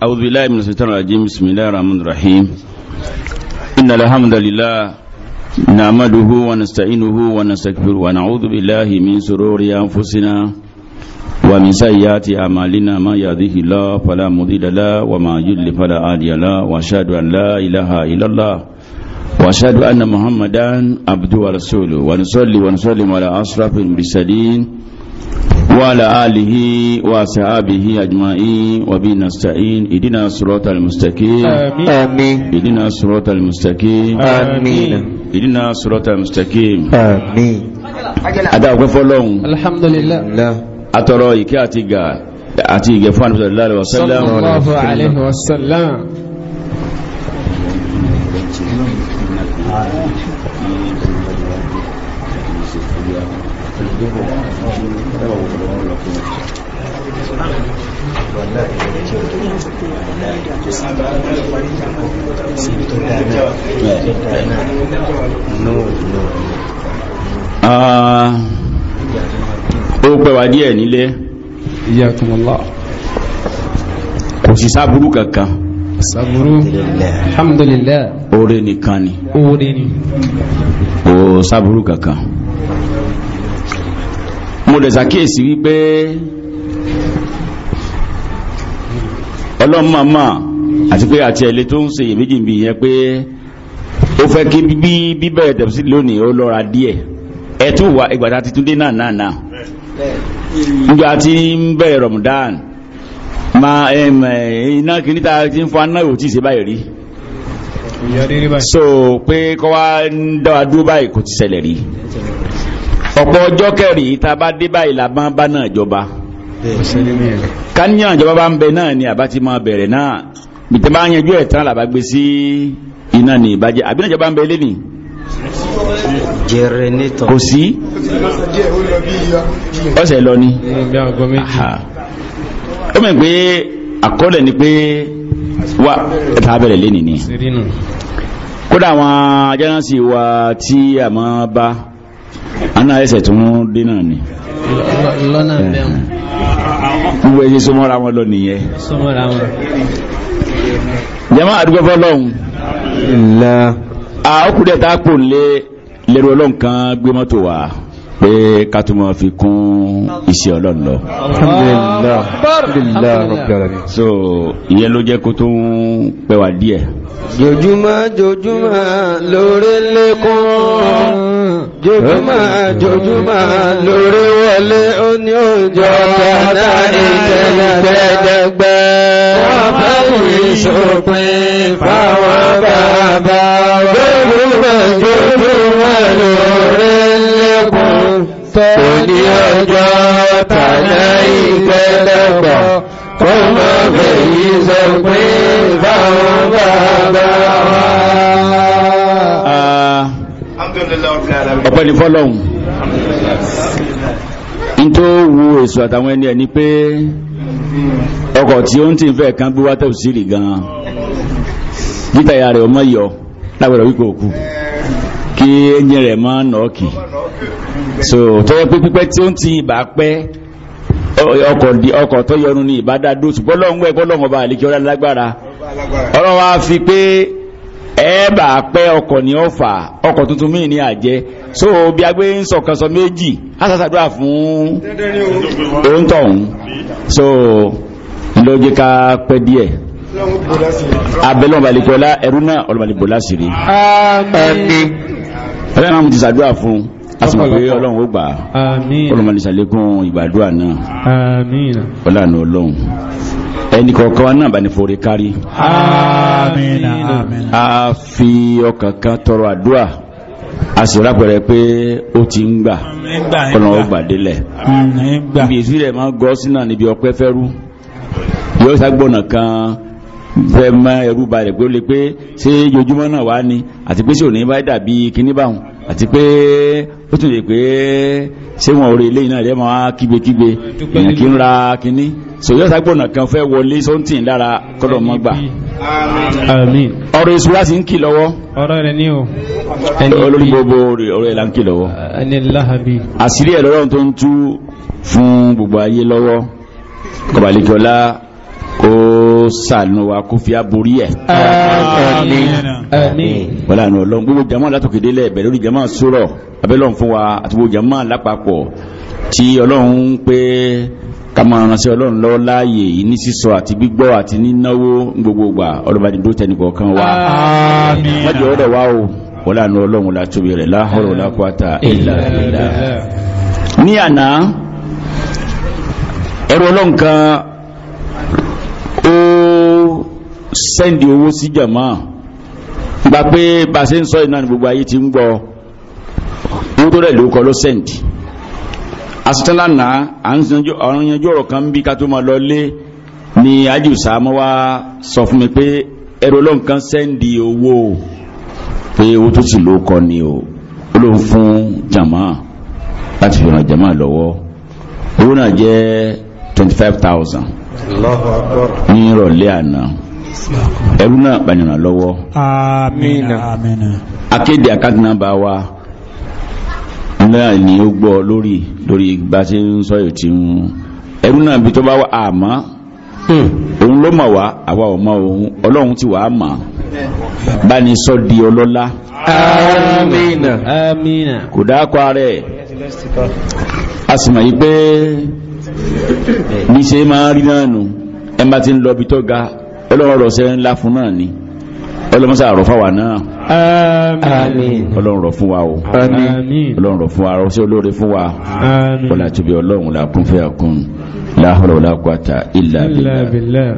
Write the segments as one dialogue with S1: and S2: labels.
S1: أعوذ بالله من الشيطان الرجيم بسم الله الرحمن الرحيم إن الحمد لله نعمده ونستعينه ونستغفره ونعوذ بالله من سرور أنفسنا ومن سيئات أعمالنا ما يهده الله فلا مضل له وما يضلل فلا هادي له وأشهد أن لا إله إلا الله وأشهد أن محمدا عبده ورسوله ونصلي ونسلم على أشرف المرسلين وعلى آله وصحابه أجمعين وبه نستعين إدنا الصراط المستقيم آمين إدنا الصراط المستقيم آمين إدنا الصراط المستقيم آمين أدا وكفلون الحمد لله أترى إكي أتيغا أتيغا فان صلى الله عليه وسلم صلى الله عليه
S2: وسلم Thank you.
S1: Ah, ó pẹ́ wa díẹ̀ nílé kò sí sáàbúrú kankan sáàbúrú alhamdulillah oore nìkan ni oore ni kò sáàbúrú kankan mo dẹ̀ ṣàkíyèsí wípé ọlọ́mọ̀ọ́mọ̀ àti pé àti ẹ̀lẹ́ tó ń ṣe iyèméjì bí yẹn pé ó fẹ́ kí bí bíbẹ̀rẹ̀ tẹ̀sí lónìí ó lọ́ra díẹ̀ ẹ wà ìgbàdá titúndé náà náà náà nígbà Ramadan ma iná kìíní ta ti ń fọ aná so pé kọ́ wa ń dáwà dúró báyìí kò ti ṣẹlẹ̀ rí ọ̀pọ̀ ọjọ́ kẹrì tá a bá dé báyìí la bá náà jọba káníyàn ìjọba bá ń bẹ náà ni àbá ti máa bẹ̀rẹ̀ náà bìtẹ́ bá yanjú ẹ̀ tán làbá gbé sí iná ní ìbàjẹ́ àbí náà ìjọba ń bẹ lẹ́nìí jẹrẹnitọ kò sí ọ̀sẹ̀ lọ ni ó mẹ́ pé àkọọ́lẹ̀ ni pé wà ẹ̀ta bẹ̀rẹ̀ lẹ́nìí ni kódà àwọn ajẹ́ránsì wa tí a máa bá aná ẹsẹ̀ tó wọ́n dé náà ni. lọ́nà eh. bẹ́ẹ̀ wọ́n ṣe sọmọ́ra wọn lọ nìyẹn. sọmọ́ra wọn. jama àdúgbò fọlọ́hún. a ọkùnrin tá a kò lé lẹ́rù ọlọ́run kan gbé mọ́tò wa pé ká tó máa fi kún iṣẹ́ ọlọ́run lọ. so ìyẹn ló jẹ́ kó tó ń pẹ́ wá díẹ̀. jojúmọ́
S2: jojúmọ́ lórí lẹ́kọ̀ọ́ jojúmọ́ jojúmọ́ lórí wọlé ó ní òjò ọ̀tá ìtẹ̀lẹ̀tẹ̀dẹ̀gbẹ́ wọ́n bá ìṣòpin fáwọn bàbá jojúmọ́ jojúmọ́ lórí lẹ́kùn tó ní òjò
S1: ọ̀tá ìtẹ̀lẹ̀gbẹ́ kó mọ́ bẹ̀yí sọ pé fáwọn bàbá ọpẹ́ ní fọ́lọ́hun n tó wu èso àtàwọn ẹni ẹ̀ ni pé ọkọ̀ tí ó ń tì fẹ́ kan gbé wá tẹ̀síìlì gan-an níta ìyá rẹ̀ ọmọ yọ lágbàdo wípé òkú kí ẹ̀yìn rẹ̀ mọ́ nọ́ọ̀kì so tó yẹ pé pípẹ́ tí ó ń ti ìbá pẹ́ ọkọ̀ tó yọnu ní ìbá dá dóòtù bọ́lọ́hún ẹ̀ bọ́lọ́hún ọba àlekí ọlá lágbára ọlọ́wọ́ fi pé ẹ̀ẹ́bà pẹ́ ọkọ̀ ní ọ̀fà ọkọ̀ tuntun míì ní àjẹ́ so bí agbé ń sọ̀kan sọ méjì asásàdúrà fún oúntọ̀hún so ló jẹ́ ká pẹ́ díẹ̀ abẹ́lẹ̀ ọ̀bàlẹ̀kọ́lá ẹ̀rú náà ọ̀lọ́bàlẹ̀kọ́ láṣìírí ẹ̀rẹ́ náà mo ti sàdúrà fún asùnmọ̀ pé ọlọ́run ó gbà ọlọ́mọlẹ́sàlẹ́kùn ìgbàdúrà náà ọlọ́run ọlọ́run ẹni kọ̀ọ̀kan wa náà bá ní forí kárí àmín àmín a fi ọkàn kan tọrọ àdúrà a sì rápẹ̀rẹ̀ pé ó ti ń gbà ọ̀nà ọgbà délẹ̀ ibi ìsílẹ̀ máa ń gọ́ sínú níbi ọpẹ́ fẹ́rú yóò ságbọ̀nà kan fẹ́ mọ ẹrú balẹ̀ pé ó lè pé ṣé ojoojúmọ́ náà wá ni àti pé ṣé òní bá dàbí kíní báwọn àti pé ó tún lè pé ṣé wọn orí ilé náà lẹ́mọ̀ á kígbekígbe èèyàn kí ń ra kínní sòyọ́ sàgbọ̀nà kan fẹ́ wọlé sọ́ńtì lára kọ́dọ̀ mọ́ gbà. àmín. ọ̀rọ̀ ìṣúra ń kì lọ́wọ́. ọ̀rọ̀ rẹ̀ ní o. olórí gbogbo ọ̀rọ̀ ẹ̀ là ń kì lọ́wọ́. ẹni láhàbí. àṣírí ẹ̀ lọ́rọ̀ tó ń tú fún gbogbo ayé lọ́wọ́ kọ̀bálíkọ́lá kó sànù wa kó fi aborí ẹ̀.
S2: àmín àmín.
S1: wọ́n àná ọlọ́run gbogbo jama látòkèdè lẹ̀ bẹ̀rẹ̀ lórí jama sọ̀rọ̀ abẹ́lọ́run fún wa àti gbogbo jama lápapọ̀ tí ọlọ́run ń pé ká máa ránṣẹ́ ọlọ́run lọ́wọ́ láàyè yìí ní sísọ àti gbígbọ́ àti nínáwó gbogbo gbà ọlọ́ba ní dúró tẹnìkọ̀ wa. àmín. wọ́n wa o wọ́n àná ọlọ́run látòbí rẹ̀ láhọ̀rọ̀ lápáta ìlà ìlà. ní àná ẹrù ọlọ́run kan sẹ́ndì owó sí jàmá gba pé bá a gbogbo ayé ti ń gbọ́ owó tó rẹ̀ ló ló sẹ́ndì asitala na à ń ọ̀rọ̀ kan bí ká tó máa lọ lé ni wá sọ fún mi pé ẹ̀rọ lọ́nkan sẹ́ndì owó pé owó tó ni o ó ló ń fún láti fi ràn lọ́wọ́ owó náà jẹ́ twenty five ẹrú náà gbàyànà lọ́wọ́ àmín akéde àkágbìnàbà wa náà ni ó gbọ́ lórí lórí ìgbà tí ń sọ èyí tí ẹrú náà bí tó bá wà àmọ́ hmm. òun ló mọ̀ wá àwa ò mọ̀ òun ti wà á bá ní di ọlọ́lá kò dákọ ọlọ́run rọ̀ sẹ́yìn ńlá fún náà ni ọlọ́run sá rọ̀ fáwa náà àmín ọlọ́run rọ̀ fún wa o àmín fún wa rọ̀ olóore fún wa àmín ọlá tóbi ọlọ́run là fẹ́ àkún la hawla illa billah.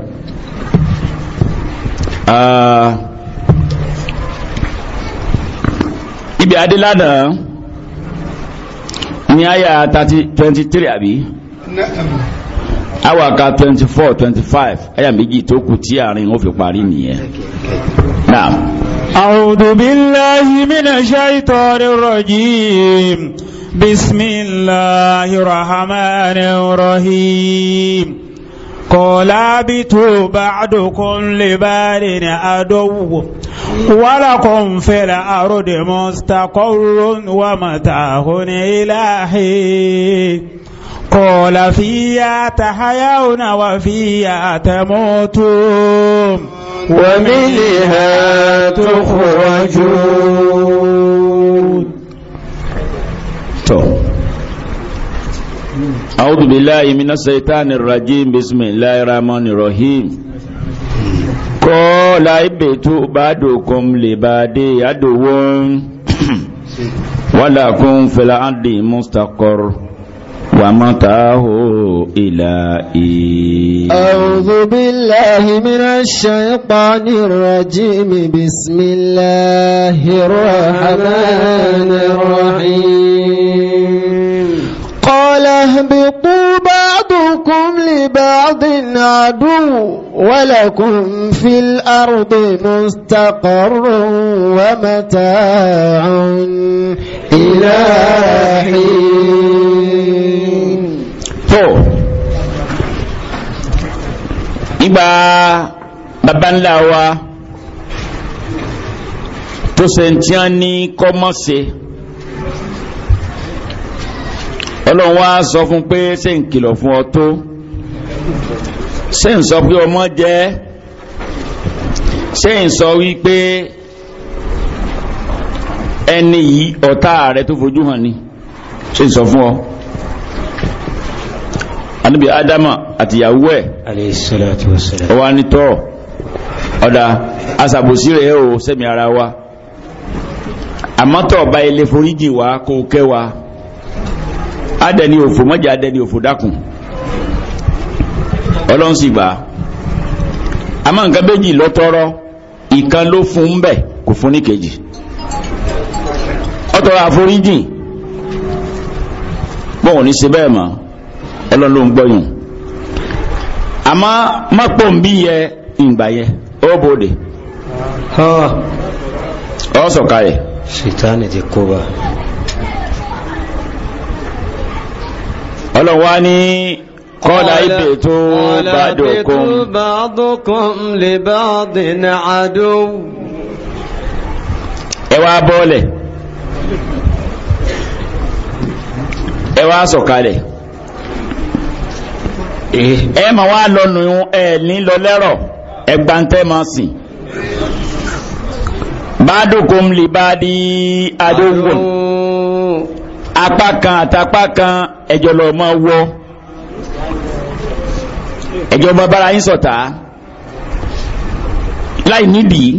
S1: ibi adélànà ni àyà twenty three àbí awaka twenty four twenty five ẹ̀yà méjì tó kù tí àárín ó fi parí nìyẹn. naam. a'udhu billahi minash shaitanir rajim bismillahir rahmanir rahim. قولا بتوا بعدكم لبار عدو ولكم في الأرض مستقر ومتاع إلى حين قال فيها تحيون وفيها تموتون
S2: ومنها تخرجون
S1: أعوذ بالله من الشيطان الرجيم بسم الله الرحمن الرحيم قال اهبطوا بعضكم لبعض عدو ولكم في الأرض مستقر ومتاه إلى إيه أعوذ
S2: بالله من الشيطان الرجيم بسم الله الرحمن الرحيم قال اهبطوا بعضكم لبعض عدو ولكم في الأرض مستقر ومتاع إلى حين
S1: ìgbà bàbá ńlá wa tó ṣe ń tí a ní kọ́mọ́sí ọlọ́run wá sọ fún pé ṣe ń kìlọ̀ fún ọ tó ṣé ń sọ pé ọmọ jẹ́ ṣé ń sọ wípé ẹni yìí ọ̀tá rẹ tó fojú hàn ni ṣé ń sọ fún ọ anabi adama àti ìyàwó ẹ̀ ọwá nítọ́ ọ̀dá asàbòsí rẹ̀ o sẹ́mi ara wa àmọ́tọ̀ ọba ilé foríjì wa kó kẹ́ wa adẹni òfò mọ́jà adẹni òfò dákùn ọlọ́run sì gbà á àmọ́ nǹkan méjì tọrọ ìkan ló fún un kò fún ní kejì tọrọ àforíjì bọ́n ò ní ṣe bẹ́ẹ̀ mọ́ ọlọ́run ló mọ́pọ̀ ń bí yẹ ìgbà ọ sọ̀kalẹ̀ kọ́lá ibè بعضكم
S2: bàdùkún
S1: lèbàdìn àdó ẹwà bọ́ọ̀lẹ̀ ẹwà sọ̀kalẹ̀ ẹ ma wá lọ́nu ẹ nílọ lẹ́rọ̀ ẹgbàntẹ́ ma sìn bàdùkún lèbàdìn àdó wọ̀n apá kan àtàpá kan ẹjọ́ lọ máa wọ́ ẹjọ́ bá bára yín ṣọ̀tá láì nídìí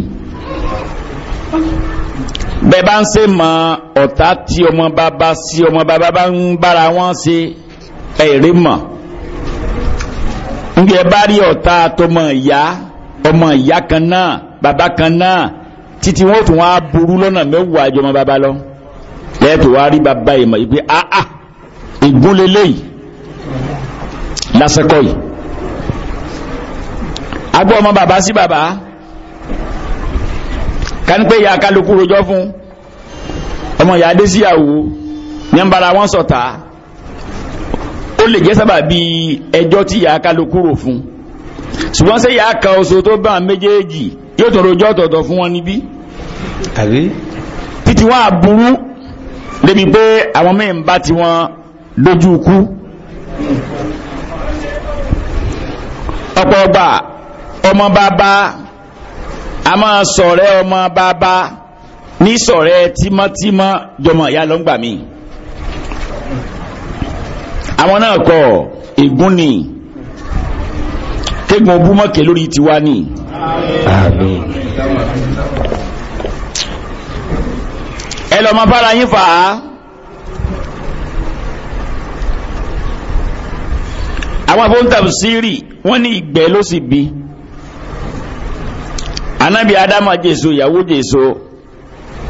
S1: bẹ́ẹ̀ bá ń ṣe mọ ọ̀tá tí ọmọ bàbá sí ọmọ bàbá bá ń bára wọn ṣe èrè mọ̀ ń jẹ́ bá rí ọ̀tá tọmọ ìyá ọmọ ìyá kan náà bàbá kan náà títí wọn tún wá burú lọ́nà mẹ́wàá jọmọ bàbá lọ lẹ́ẹ̀tọ̀ wá rí bàbá ìmọ̀ yìí pé áá ah, ah, ìgúnlélẹ́yìí lásìkò yìí agbó ọmọ bàbá sí bàbá kánípé ìyá kálukú rojọ́ fún ọmọ ìyá adé síyàwó ní ń bára wọn sọ̀tà ó lè jẹ́ sábà bí ẹjọ́ tí ìyá kálukú rò fún ṣùgbọ́n ṣé ìyá kan oṣù tó bá méjèèjì yóò tó rojọ́ ọ̀tọ̀ọ̀tọ̀ fún wọn níbí títí wọn àbúrú débi pé àwọn mẹ́rin bá ti wọn lójú ikú ọ̀pọ̀ ọgbà ọmọ bàbá a máa sọ̀rẹ́ ọmọ bàbá ní sọ̀rẹ́ tímọ́tímọ́ jọmọ ìyá lọ́ngbà mi àwọn náà kọ ègún ni kégun búmọ̀kẹ́ lórí tiwa ni. Àmín. ẹ lọ máa bára yín fà á. àwọn abóńtàbí wọ́n ní ìgbẹ́ ló sì bí anábì adama jésù ìyàwó jésù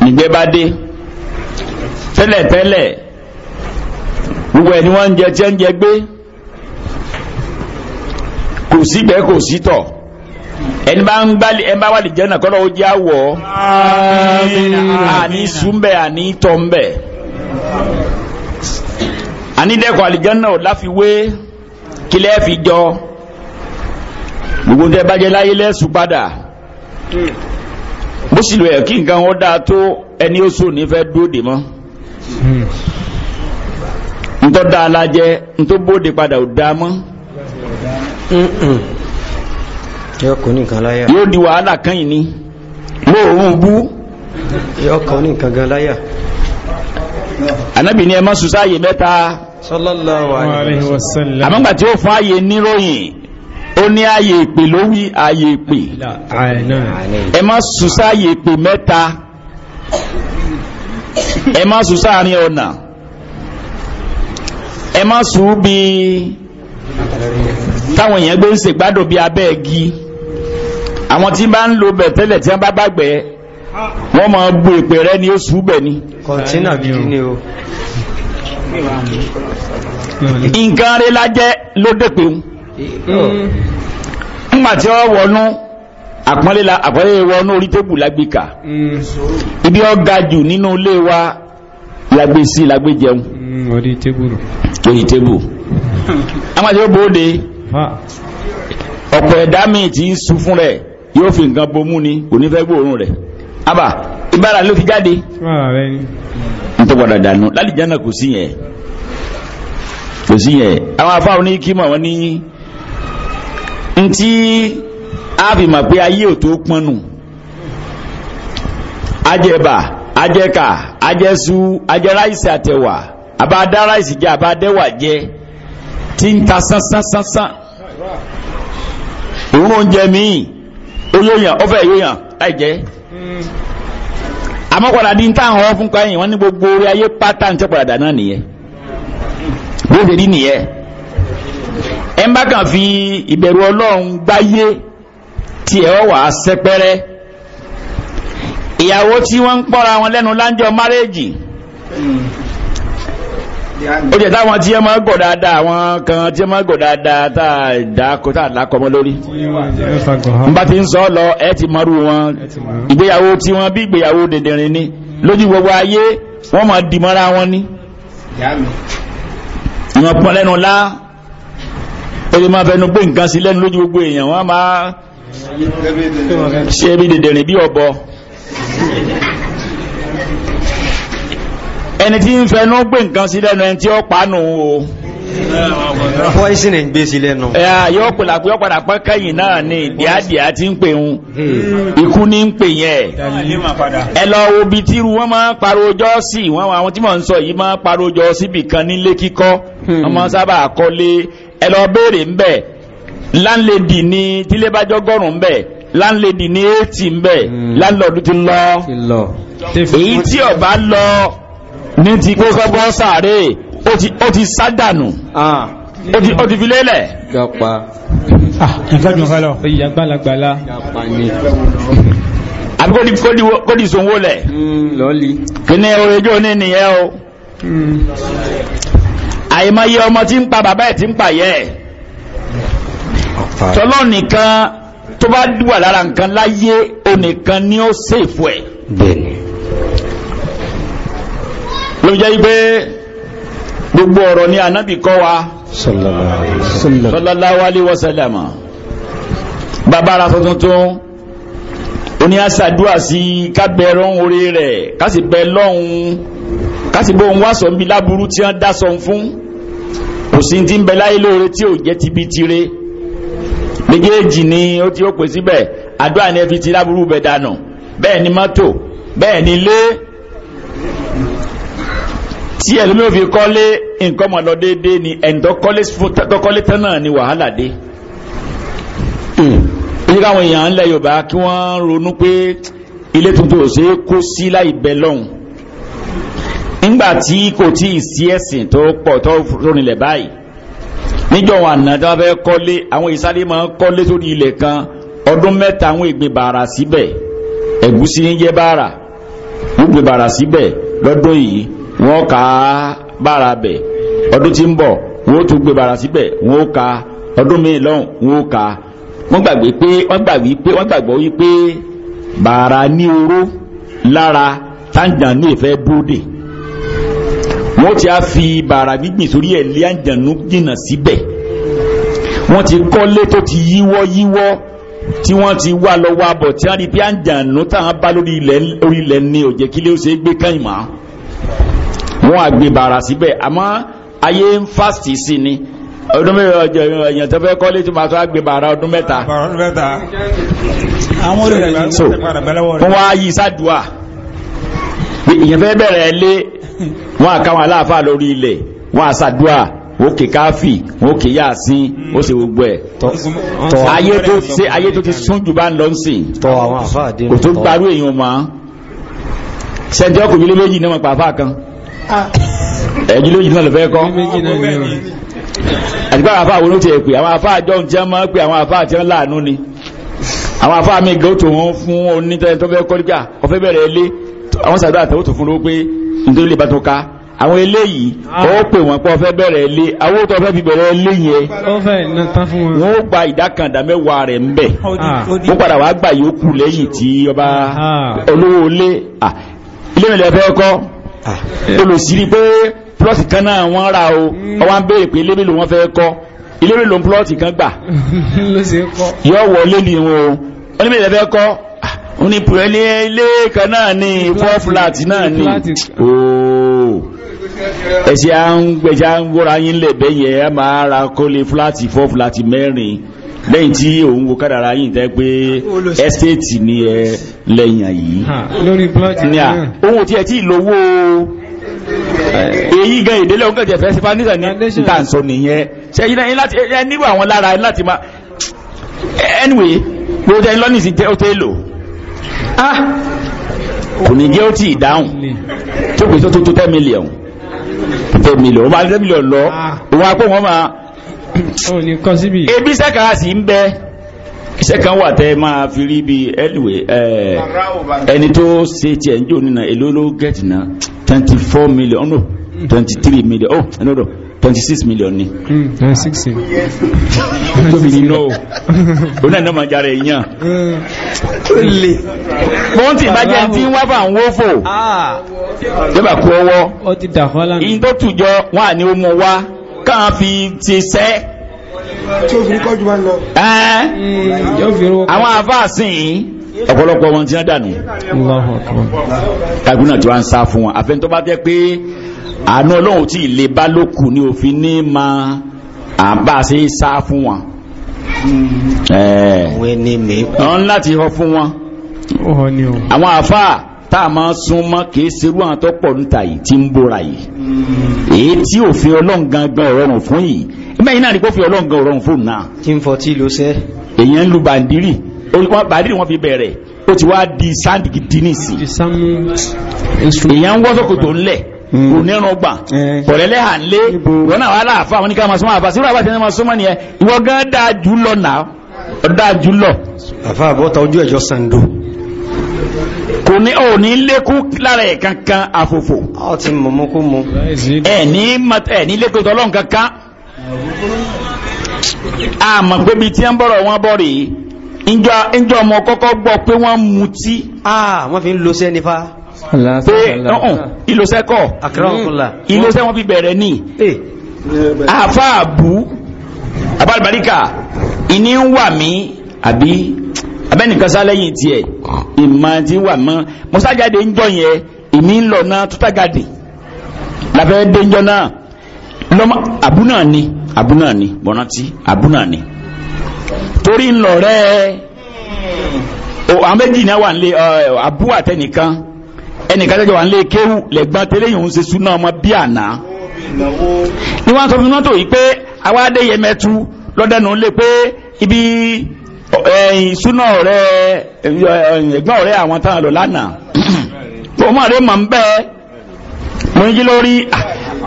S1: nígbẹ́ bá dé tẹ́lẹ̀tẹ́lẹ̀ gbogbo ẹni wọ́n ń jẹ tí ń jẹ gbé kò sígbẹ́ kò sítọ̀ ẹni bá ń gbálẹ̀ ẹni bá wà lè jẹ́ náà kọ́lọ́ ó jẹ́ àwọ̀ àní súnbẹ̀ àní tọ́ǹbẹ̀ àní dẹ́kọ̀ àlìjánná láfiwé kílẹ̀ fi jọ gbogbo tẹ́ bá jẹ́ láyé lẹ́sùn padà. bó sì lọ yẹ kí nǹkan wọn dáa tó ẹni ó sùn nífẹ̀ẹ́ dóde mọ́ ntọ́ da alájẹ ntọ́ bóde padà ò da mọ́ yóò di wàhálà kan yìí ni lóòrùn bú yóò ní ni ẹ má sùn sáàyè mẹ́ta sallallahu alaihi wasallam àmọ́gbà níròyìn ó ní ààyè ìpè ló wí ààyè ìpè ẹ má sùn sáàyè ìpè mẹ́ta ẹ má sùn sáàrin ọ̀nà ẹ má sùn bí táwọn èèyàn gbé ń ṣe gbádùn bí abẹ́ igi àwọn tí bá ń lo bẹ̀ tẹ́lẹ̀ tí wọ́n bá gbàgbẹ́ wọ́n máa gbé ìpè rẹ ni ó sùn bẹ̀ ni. kọ̀ntínà gidi ni o. nǹkan rẹ̀ lájẹ́ ló dé pé òun ńgbàtí ọ wọnú àpọ́nlélà àpọ́nlélà wọnú orí tébù lágbèkà ibi ọ̀gá jù nínú ilé wa lágbè sí lágbè jẹun orí tébù orí tébù àmàtí O bóde ọ̀pọ̀ ẹ̀dá míì tí ń sun fún rẹ̀ yóò fi nǹkan bomú ni kò ní fẹ́ gbóòórùn rẹ̀ abà ìbára ló fi jáde n tó gbọdọ̀ dànù lálìjáná kò sí yẹn kò sí yẹn àwọn afáwọn ní kí mọ̀ wọ́n ní. ntí a pé ayé ò tó pọnù ajẹba ajẹka ajẹsu ajẹ ráìsì àtẹwà àbádá ráìsì jẹ àbádẹwà jẹ tí ń ta sánsánsán ìwọ oúnjẹ míì oyóyàn ọfẹ ìyóyàn láìjẹ wọ́n ní gbogbo orí ayé pátá ń tẹ́pọ̀dà náà nìyẹn bí ó ẹ má kàn fi ìbẹ̀rù ọlọ́run gbáyé tí ẹ wà á sẹ́pẹ́rẹ́ ìyàwó tí wọ́n ń pọ́ra wọn lẹ́nu láńjọ́ márẹ́jì ó jẹ́ táwọn tí ẹ máa gọ̀ dáadáa àwọn kan tí ẹ máa gọ̀ dáadáa tá a dáko tá a lákọ̀ mọ́ lórí n bá ti ń sọ lọ ẹ ti mọ́rú wọn ìgbéyàwó tí wọ́n bí ìgbéyàwó dẹ̀dẹ̀rin ni lójú gbogbo ayé wọ́n máa dì mọ́ra wọn ni wọ́n pọ́n lẹ́nu lá ẹni máa fẹnu gbé nǹkan sí lẹ́nu lójú gbogbo èèyàn wọ́n máa ṣe bí dèdèrìn bí ọ̀bọ ẹni tí ń fẹnu gbé nǹkan sí lẹ́nu ẹni tí ó pàánù o fọ́ ìsìn ń gbé sí lẹ́nu yóò pèlà pé ọ̀padà pẹ́ kẹ́yìn náà ni díàdíà ti ń pè ń ikú ní ń pè yẹn ẹ lọ wo bí tíru wọ́n máa ń parojọ́ sí wọ́n àwọn tí mò ń sọ yìí máa ń parojọ́ síbì kan nílé kíkọ́ wọ́n máa ń sábà kọ́lé ẹ lọ béèrè ń bẹ̀ láńlẹ́dì ní tílébájọ́gọ́rùn-ún ń bẹ̀ láńlẹ́dì ní éètì ń bẹ̀ hmm. láńlọ́ọ̀dù ti lọ èyí tí ọba lọ ní ti kó kọ́kọ́ sáré ó ti sádànù ah. ó ti fi lélẹ̀ ah, àbí kó di sòwò lẹ̀ hmm, kí ni orí ojú òní nìyẹn o hmm àìmọye ọmọ tí ń pa bàbá ẹ̀ tí ń pa yẹ ẹ̀ tọ́lọ́ nìkan tó bá wà lára nǹkan láyé onìkan ni ó ṣèfù ẹ̀. ló jẹ́ pé gbogbo ọ̀rọ̀ ni ànábì kọ́ wa sallallahu alaihi wasallam bàbá ara tuntun oní àṣàdúà sí kábẹ̀rún orí rẹ̀ kásì bẹ lọ́hùn kásì bóun wá sọ̀ ń bi láburú tí wọ́n dá sọ̀ fún kò sí ti ń bẹ láyé lóore tí ò jẹ́ tibi tire méjèèjì ni ó ti ó pè síbẹ̀ àdúrà ni ẹ fi ti láburú bẹ dànù bẹ́ẹ̀ ni mọ́tò bẹ́ẹ̀ ni lé tí ẹ̀lú mi ò fi kọ́lé nǹkan mọ̀ déédéé ni ẹ̀ǹ tọ́kọ́lé tán náà ni wàhálà dé ní hmm. káwọn èèyàn ńlẹ̀ Yorùbá kí wọ́n ronú pé ilé tuntun ò ṣeé kó sí láì bẹ lọ́hùn ńgbàtí kò tí ì sí ẹ̀sìn tó pọ̀ tó rinlẹ̀ báyìí níjọ́ wọn àná tí wọ́n fẹ́ kọ́lé àwọn ìsáré máa ń kan ọdún mẹ́ta àwọn bara bàrà síbẹ̀ ẹ̀gúsí ń jẹ́ bàrà wọ́n gbé bàrà síbẹ̀ lọ́dún yìí wọ́n kà á bàrà bẹ̀ ọdún tí ń bọ̀ wọ́n tún gbe bàrà síbẹ̀ wọ́n kà á ọdún míì lọ́hùn wọ́n kà á wọ́n gbàgbé pé wọ́n gbàgbé pé wọ́n gbàgbọ́ wípé bàrà ní oró lára ní wọ́n ti á fi bàrà gbígbìn sórí ẹ̀ lé àjànú jìnnà síbẹ̀ wọ́n ti kọ́lé tó ti yíwọ́ yíwọ́ tí wọ́n ti wá lọ wá bọ̀ tí wọ́n di pé àjànú táwọn bá lórí ilẹ̀ ní òjẹ́ kílé ó ṣe é gbé kẹ́yìn mọ́ wọ́n á gbé bàrà síbẹ̀ àmọ́ ayé ń fásitì sí ni ọdún mẹ́rin ọjọ́ èèyàn tó fẹ́ kọ́lé tó máa tó àgbè bàrà ọdún mẹ́ta. ọdún mẹ́ta. àwọn ń sọ wọn wá yí sádùá èèyàn fẹ́ bẹ̀rẹ̀ lé wọ́n àkáwọn aláàfáà lórí ilẹ̀ wọ́n àṣàdúà wọ́n kè káfì wọ́n kè yáàsín ó ṣe gbogbo ẹ̀ ayé tó ti sún jù bá ń lọ sí kò tó gbarú èèyàn mọ́
S2: sẹ́ńtẹ́ ọkùnrin lé méjì náà pàápàá kan ah.
S1: ẹ̀jú lójì náà lọ fẹ́ kọ́ àti pé àwọn afáà wo ló ti ẹ̀ pé àwọn afáà jọ ń jẹ́ mọ́ pé àwọn afáà ti ń láàánú ni àwọn afáà mi gòtò wọn fún onítẹ̀ẹ́tọ́fẹ́ kọ́ríkà ọ̀fẹ́ bẹ̀rẹ̀ ilé àwọn sàdúrà tẹ̀wọ́tò fún ló pé nítorí lè bá tún ká àwọn eléyìí ah. ó pè wọn pọ fẹ́ bẹ̀rẹ̀ ilé àwọn tó fẹ́ fi bẹ̀rẹ̀ ilé yẹn wọn ó gba ìdákàndá mẹ́wàá rẹ̀ ń bẹ ah. wọn padà wàá gbà yòókù lẹ́yìn tí ọba ah. olówó ilé ilé mi lè fẹ́ kọ́ olùsírí pé plọ́ọ̀tì kan náà wọ́n ra o ọwọ́n á pé ilé mi ló wọ́n fẹ́ kọ́ ilé mi ló ń kan gbà yọ wọlé ni wọn o onímọ̀ ìlẹ̀ fẹ́ kọ́ ó ní pẹ̀lẹ́ ilé kan náà ní four flat náà ní ooo ẹ̀sẹ̀ à ń gbẹ̀jà ń wọ́ra yín lẹ̀bẹ̀ yẹn a máa ra kọ́lé flat four flat mẹ́rin lẹ́yìn tí òun kò kádàrá yìí tẹ́ pé ẹ́stéètì ni ẹ lẹ́yìn yìí ní à ohun tí ẹ ti lówó èyí gan ìdílé òun kẹ̀jẹ̀ fẹ́ sípa nígbà ní ìtànsọ nìyẹn ṣe yìí láti ẹ níwò àwọn lára láti máa anyway gbogbo ẹ lọ́nìí sí tẹ́ ó tẹ́ lò ah kò ní ó tí dáhùn tó pèsè tó tó ten million ten million lọ máa ebi sì ń iṣẹ́ kan wà tẹ́ máa fi rí bí ẹni tó ṣe tí ń jò nínú èlò ló twenty three oh twenty six million ni. tóbi ní nọ o náà náà máa jára èèyàn. pọ́ńtì bá jẹ́ tí wọ́n bá ń wó fò jọba kú ọwọ́ yìí tó tùjọ wọn à ní ó mú wá káwọn fi ti sẹ́. tí o fi kọ́jú máa ń lọ. àwọn àfáàsìn ọ̀pọ̀lọpọ̀ wọn ti ń dànù. Allahu Akbar. kaguna tí wọ́n ń sá fún wọn àfẹ́ntọ́ bá jẹ́ pé àánú ọlọ́run tí ilé bá lókù ni òfin ní ma à ń bá a ṣe sá fún wọn.
S2: Mm-hmm. Eh.
S1: ọ̀n láti họ fún wọn. àwọn àfáà tá a máa sún mọ́ kìí ṣerú àwọn tó pọ̀ níta yìí tí ń bóra yìí.
S2: Mm-hmm.
S1: èyí tí òfin ọlọ́run gangan ọ̀rọ̀rùn fún yìí ìgbà yìí náà ni kó fi ọlọ́run gan ọ̀rọ̀rùn fún náà. tí ń fọtí ló ṣe. èèyàn ń lu bàndírì bàndírì wọn fi bẹ̀rẹ̀ ó ti wá di sáǹdì nìsín. èèyàn ń wọ́sọ̀kòtò ńlẹ̀. Mm. onírùngbà pọ̀rẹ́lẹ́ eh. à ń lé wọn náà wà láàfà wọn ní ká máa súnmọ́ àfà síbúrò àbáṣe ní máa súnmọ́ nìyẹn ìwọ gan dáa jù lọ náà dáa jù lọ. àfà àbọ̀tà ojú ẹ̀jọ́ sando. kò ní ò ní lékún lára ẹ̀ kankan àfòfò. ọ ti mọ̀ mọ́ kó mọ. ẹ ní ẹ ní lékún tọ́lọ́ kankan. àmọ́ pé bíi tí wọ́n bọ̀rọ̀ wọn bọ̀ rèé njọ́ ọmọ kọ́kọ́ gbọ́ pé wọ́n mutí. ah wọ́n fi ń lo sẹ́ni fa
S2: pé ọ̀hún ìlòsẹ́kọ̀ ìlòsẹ́
S1: wọn fi bẹ̀rẹ̀ ní àfáàbù abalibarika ìní ń wà mí àbí abẹ́nìkan sálẹ́yìn tiẹ̀ ìmọ̀ ti wà mọ́ mọ́sájáde ń jọ yẹn ìní ń lọ náà tó tágàdì láfẹ́ náà lọ́mọ àbú náà ni àbú náà ni bọ̀rántí àbú náà ni torí ń lọ àwọn méjì náà wà ń lé àbú àtẹnìkan ẹnìkan jẹ́jọ́ wà ń lé kéwù lẹ́gbà tẹ́lẹ̀ yòó ń ṣe súná ọmọ bí àná. ni wọ́n sọ fún mọ́tò yìí pé àwa adé yẹmẹtu lọ́dẹ̀nu lé pé ibi súná ọ̀rẹ́ ẹ̀gbọ́n ọ̀rẹ́ àwọn táwọn lọ lánàá. òun àrẹ mọ̀ ń bẹ́ mo ń yí lórí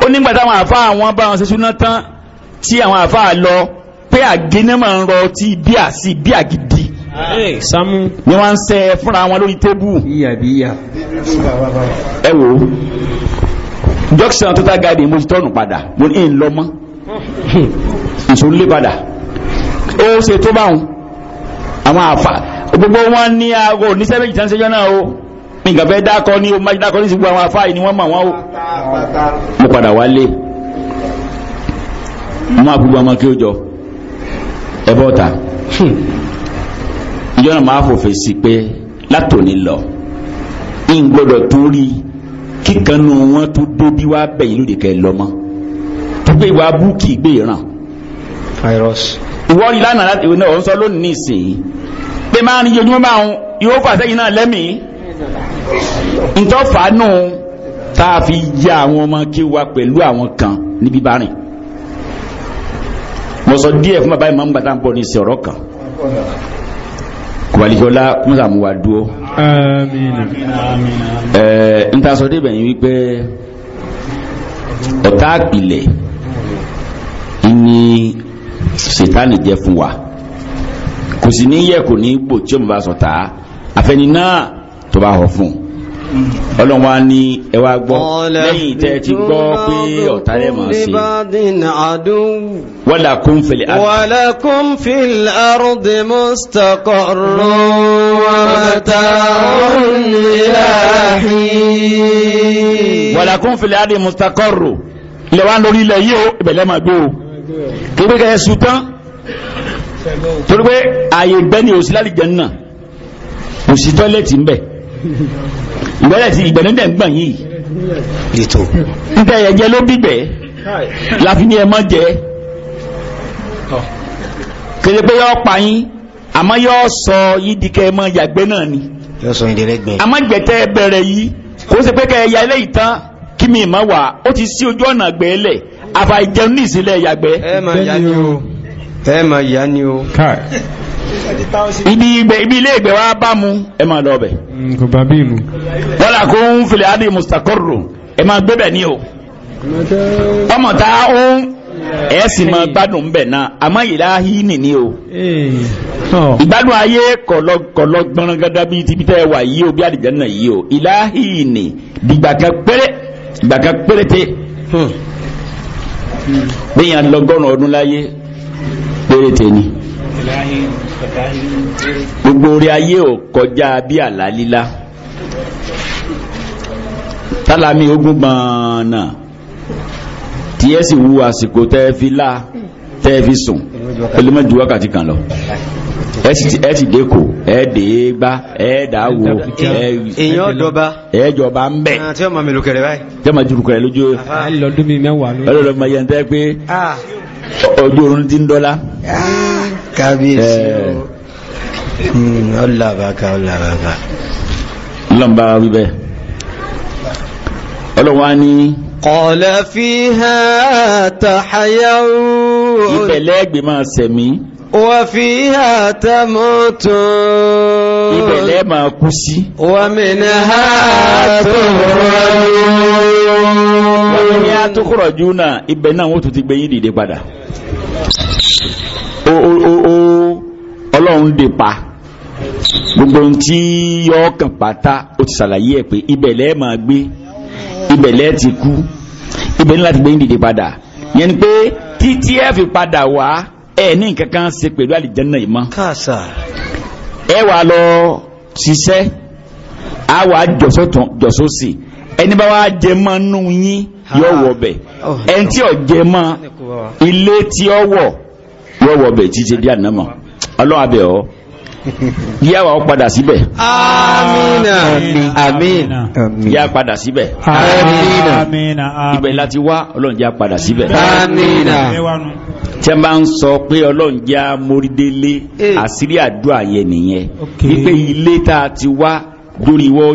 S1: ó nígbà táwọn àfa àwọn bá wọn ṣe súná tán tí àwọn àfa lọ pé àgénímọ̀ ń rọ ti bíà sí bíà gidi Ah. ni wọ́n ń sẹ́ fúnra wọn lórí tébù ẹ wò ó junction total garden mo ti tọ́nù padà mo ní ń lọ mọ́ hmm. padà ó gbogbo wọn ní aago tán ṣẹjọ́ náà o mi nǹkan ní o máa ní àwọn wọ́n mọ̀ wọ́n mo padà wálé gbogbo ọmọ kí ó jọ ẹ ìjọba máa fòfin sí pé látòní lọ ń gbọ́dọ̀ tún rí kíkanu wọn tún dóbi wá bẹ̀yìn lóde kẹ lọ́mọ tó gbé wá búkì gbé ràn. virus. ìwọ ni lánàá láti ìwé náà ọ̀ ń sọ lónìí nísìnyí pé máa ní ojoojúmọ́ bá wọn yóò fà sẹ́yìn náà lẹ́mìí ntọ́ fàánù tá a fi yá àwọn ọmọ kí wa pẹ̀lú àwọn kan níbi bá rìn mo sọ díẹ̀ fún bàbá ìmọ̀ nígbà tá ń bọ̀ ní ìsìn ọ̀rọ̀ kan kòbálíkọ́lá kúmọ́sà mú wa dúó ẹ̀ ń ta sọ débẹ̀ yìí wípé ọ̀tá àpìlẹ̀ ní sètánì jẹ́ fún wa kò sì ní yẹ kò ní gbò tí ó bá sọ̀tá àfẹni náà tó bá họ fún un ọlọ́run wa ní ẹwà gbọ́ lẹ́yìn tẹ́ ti gbọ́ pé ọ̀tá rẹ̀ mọ̀ sí wala kum fil ardi wala kum fil ardi mustaqarru wa mata'un ila torí pé ààyè gbẹ́ni òsì lálìjẹ́ náà òsì tọ́lẹ̀tì ń bẹ̀ ìgbẹ́lẹ̀ sí ìgbẹ́ ń gbọ̀n yìí ètò níta ẹ̀jẹ̀ ló bíbẹ̀ láfi ní mọ́ jẹ pé yọ pa yín àmọ́ yọ sọ ni àmọ́ gbẹ̀tẹ́ bẹ̀rẹ̀ yìí kò sí pé kẹ́ ya tán kí mi ó ti sí ojú ibi ìgbẹ́ ibi ilé ìgbẹ́ wa bá mu ẹ máa lọ bẹ̀. Mm, kò kó ń filẹ̀ adi mustakorro ẹ máa gbé bẹ̀ ní o. ọmọ tá a ń ẹ sì máa gbádùn bẹ̀ náà àmọ́ ìlàhí o. Oh. ìgbádùn ayé kọ̀lọ́ gbọ́n gada bíi ti bíi tẹ́ wà yìí o bí àdìjẹ́ yìí o ìlàhí nì dìgbà péré dìgbà kan péréte. Hmm. bí yàn lọ́gọ́rùn-ún ọdún láyé ni. gbogbo orí ayé ò kọjá bí àlá lílá tálàmì ogún gbọ̀nà tí ẹ sì wu àsìkò tẹ́ fi lá tẹ́ fi sùn pẹ̀lú mọ́ ju wákàtí kan lọ ẹ sì dé kò ẹ dé gbá ẹ dà wò èèyàn dọba ẹ jọba ń bẹ ah, tí ọmọ mi lùkẹrẹ báyìí tí ọmọ mi lùkẹrẹ lójú ẹ lọdún mi mẹwàá lọ ẹ lọdún yẹn tẹ pé ah ojú oorun ti ń dọ́lá. Ah, kábíyèsí eh. o ọlọ́bàkà hmm, ọlọ́bàkà. ọlọ́mọba wíbẹ̀ ọlọ́wọ́n á ní. qala fiha tahayaw. ibẹ̀ lẹ́gbẹ̀ẹ́ máa sẹ̀mí. وفيها تموتون ibẹ̀ lẹ́ máa kú sí ومنها تخرجون ومنها تخرجون ibẹ̀ náà wọ́n tún ti gbé yín dìde padà o o o ọlọ́run dè pa gbogbo ohun tí yọ ọkàn pátá o ti ṣàlàyé ẹ̀ pé ibẹ̀ lẹ́ máa gbé ibẹ̀ lẹ́ ti kú ibẹ̀ ní láti gbé yín dìde padà yẹn ni pé títí ẹ fi padà wá ẹ ní kankan ṣe pẹ̀lú àlìjẹ́nà yìí mọ́. káàsà. ẹ wà lọ ṣiṣẹ́ a wà jọ̀sọ́sì ẹni bá wà jẹ mọ́ nù yín yọ wọ bẹ̀ oh, ẹni tí ò jẹ mọ́ ilé tí ó wọ̀ yọ wọ bẹ̀ títí di àná mọ́ ọlọ́run abẹ́ ọ yíyá wa padà síbẹ̀. amina amina yíyá padà síbẹ̀.
S2: amina ibẹ̀
S1: láti wá ọlọ́run jẹ́ padà síbẹ̀. amina tí a bá ń sọ pé ọlọ́run já mórídélé àṣírí àdúrà yẹn nìyẹn wípé ilé tá a ti wá lórí wọ́n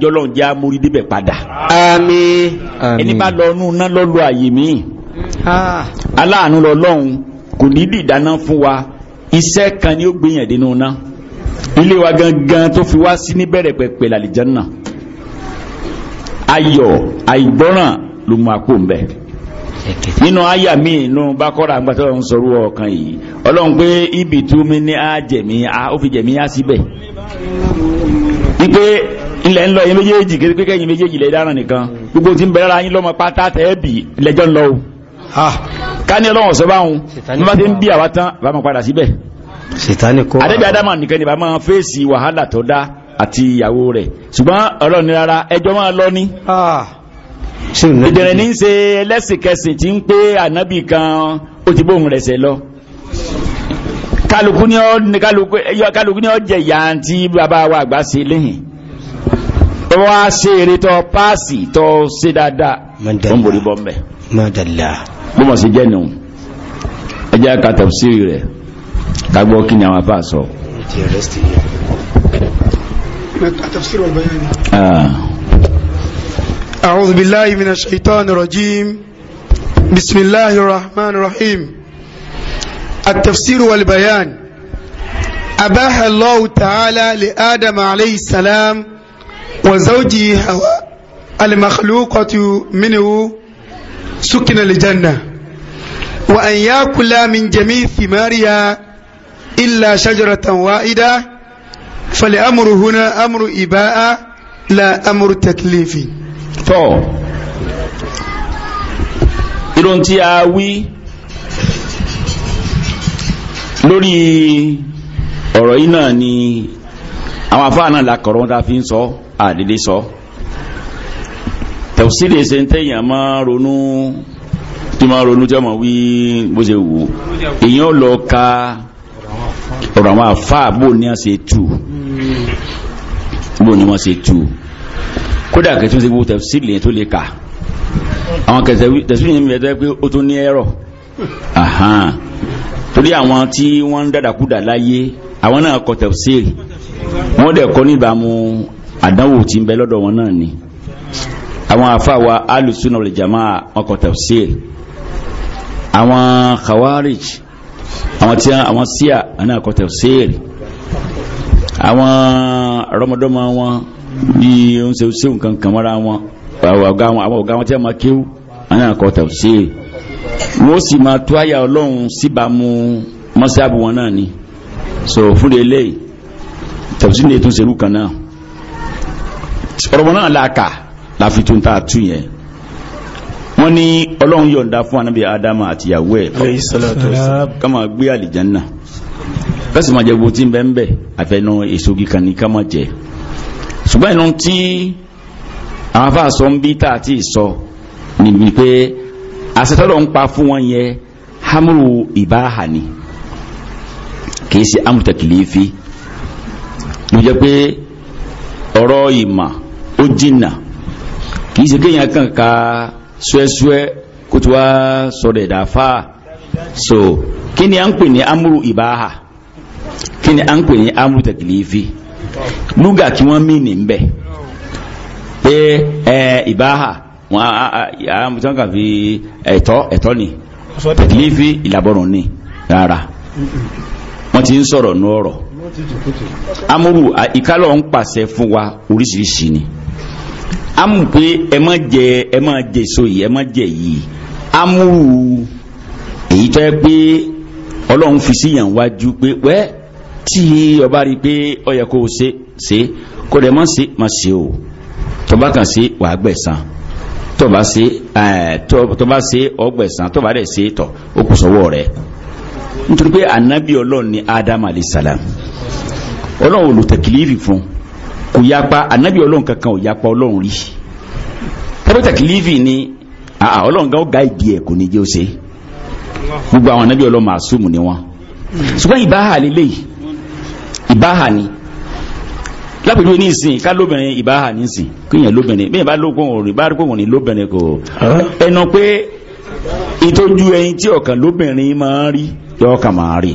S1: jọlọ́run já mórídébẹ̀ padà. àmín. ẹni bá lọ ọ̀nù lọ́lọ́ àyè mi. aláàánú lọ́lọ́run kò ní dìdáná fún wa iṣẹ́ kan ni ó gbìyànjú nínú náà ilé wa gangan tó fi wá sí níbẹ̀rẹ̀ pẹ̀pẹ̀ làlìjánná ayọ̀ àìgbọ́ràn ló mú akó ń bẹ́ẹ̀ nínú àyà mi inú bákọ́ra àgbàtọ́ ń sọ̀rọ̀ ọ̀kan yìí ọlọ́run pé ibi tú mi ní á jẹ̀mí á ó fi jẹ̀mí á síbẹ̀ wípé ilẹ̀ ń lọ yín méjèèjì kí pé kẹ́yìn méjèèjì lè dáná nìkan gbogbo tí ń bẹ̀rẹ̀ ara yín lọ́mọ pátá tẹ́ bì lẹ́jọ́ ń lọ o ká ní ọlọ́run ọ̀sọ́ báwọn bí wọ́n ti ń bí àwa tán bá máa padà síbẹ̀ adébí adama nìkan ni bá máa fèsì wàhálà tó dá àti ìyàwó rẹ̀ ṣùgbọ́n ọlọ́run rárá ẹjọ́ máa lọ ní ìdẹ̀rẹ̀ ní ṣe ẹlẹ́sìnkẹsìn tí ń pé ànábì kan ó ti bóun rẹ̀ sẹ̀ lọ kálukú ní ọjẹ̀ ìyá tí bàbá wa àgbà ṣe lẹ́yìn wọ́n á ṣe eré tọ́ páàsì tọ́ ṣe dáadáa wọ́n borí bọ́ mbẹ́ bó mọ̀ sí jẹ́nu ẹjẹ́ ka tafsiri rẹ̀ ká gbọ́ kí ni àwọn afá sọ. tafsiri wal bayani.
S2: أعوذ بالله من الشيطان الرجيم بسم الله الرحمن الرحيم التفسير والبيان أباح الله تعالى لآدم عليه السلام وزوجه المخلوقة منه سكن الجنة وأن يأكل من جميع ثمارها إلا شجرة واحدة فالأمر
S1: هنا أمر إباء لا أمر تكليفي tọ́ irun tí a wí lórí ọ̀rọ̀ yìí náà ni àwọn afáà náà lakọ̀rọ̀ wọn ta fi ń sọ àdédé sọ tẹ̀sílì ẹsẹ̀ ń tẹ̀yàn máa ronú tí máa ronú tí ọmọ wí bó ṣe wù èèyàn lọ ka ọ̀rọ̀ àwọn afáà bò ní àṣetù bò ní wọ́n ṣe tù kódà kẹtù sí gbogbo tẹ̀síìrì lè tó lè kà àwọn tẹ̀síìrì yẹn mẹ́tọ́ pé ó tó ní ẹ̀rọ torí àwọn tí wọ́n ń dàdàkúdà láyé àwọn náà kọ tẹ̀síìrì wọ́n dẹ̀ kọ́ níbàámu àdánwò tí ń bẹ lọ́dọ̀ wọn náà ni àwọn àfàwà alùsùnà wal jamaa wọ́n kọ tẹ̀síìrì àwọn khawarij àwọn tí àwọn síà náà kọ tẹ̀síìrì àwọn rọmọdọ́mọ wọn bí ó ń ṣe ṣé nǹkan kan mọ́ra wọn ọ̀gá wọn àwọn ọ̀gá wọn tí wọ́n máa kéwú àwọn náà kọ́ tafsir wọ́n sì máa tó àyà ọlọ́run síbàámu mọ́sáàbù wọn náà ni so fún ilé tafsir ní ètò ìṣèlú kan náà ọ̀rọ̀ náà làákà láfi tún tá a tún yẹn wọ́n ní ọlọ́run yọ̀ǹda fún anábì ádámù àtìyàwó ẹ̀ ká gbé àlìjánná bẹ́sì máa jẹ gbogbo tí ń àfẹnú èso kíkan ní ká máa ṣùgbọ́n inú tí àwọn afáà sọ ń bí tá a ti sọ níbi pé àṣetọ́lọ̀ ń pa fún wọn yẹn hamuru ìbáhà ni kì í ṣe amúru tẹkìlífì ló jẹ́ pé ọ̀rọ̀ ìmọ̀ ó jìnnà kì í ṣe kéèyàn kàn ká ṣúẹ́ṣúẹ́ kó tó wá sọ̀rọ̀ ẹ̀dá fáà so kí ni à ń pè ní amúru ìbáhà kí ni à ń pè ní amúru tẹkìlífì lúgà tí wọ́n mí ní bẹ̀ pé ẹ ìbáhà wọn àmútán kà fi ẹ̀tọ́ ẹ̀tọ́ ni tẹ̀lífì ìlàbọ̀rùn ni rárá wọ́n ti ń sọ̀rọ̀ ní ọ̀rọ̀ amúrù ìkálọ̀ ń pàṣẹ fún wa oríṣiríṣi ni amú pé ẹ má jẹ ẹ má jẹ èso ẹ má jẹ yìí amúrù èyí tó pé ọlọ́run fi síyàn wájú pé wẹ́ẹ́ tí ọba rí i pé ó yẹ kó o ṣe ṣe kó dẹ̀ mọ́ ṣe mọ́ ṣe o tọba kan ṣe wàá gbẹ̀san tọba ṣe ẹ eh, tọba ṣe ṣe tọ̀ ó kù sọ́wọ́ rẹ̀ nítorí pé anabi ọlọ́run ni adam alayisalaam ọlọ́run olùtẹ̀kìlìfì fún kò yapa anabi ọlọ́run kankan ò yapa ọlọ́run rí tẹ́bẹ̀tẹ̀kìlìfì ni ọlọ́run kan ó ga ìdí ẹ̀ kò ní jẹ́ ó ṣe gbogbo àwọn anabi ọlọ́run màsúmù ni wọ́n ṣùgbọ́n ìbáhà lélẹ́yìí ìbáhà ni lápẹ̀lú ní ìsìn ká lóbìnrin ìbáhà ní ìsìn kíyàn lóbìnrin bẹ́ẹ̀ bá lókun òrì bá lókun òrì lóbìnrin kò ẹnu pé ìtọ́jú ẹyin tí ọ̀kan lóbìnrin máa ń rí yọ ọ̀kan máa rí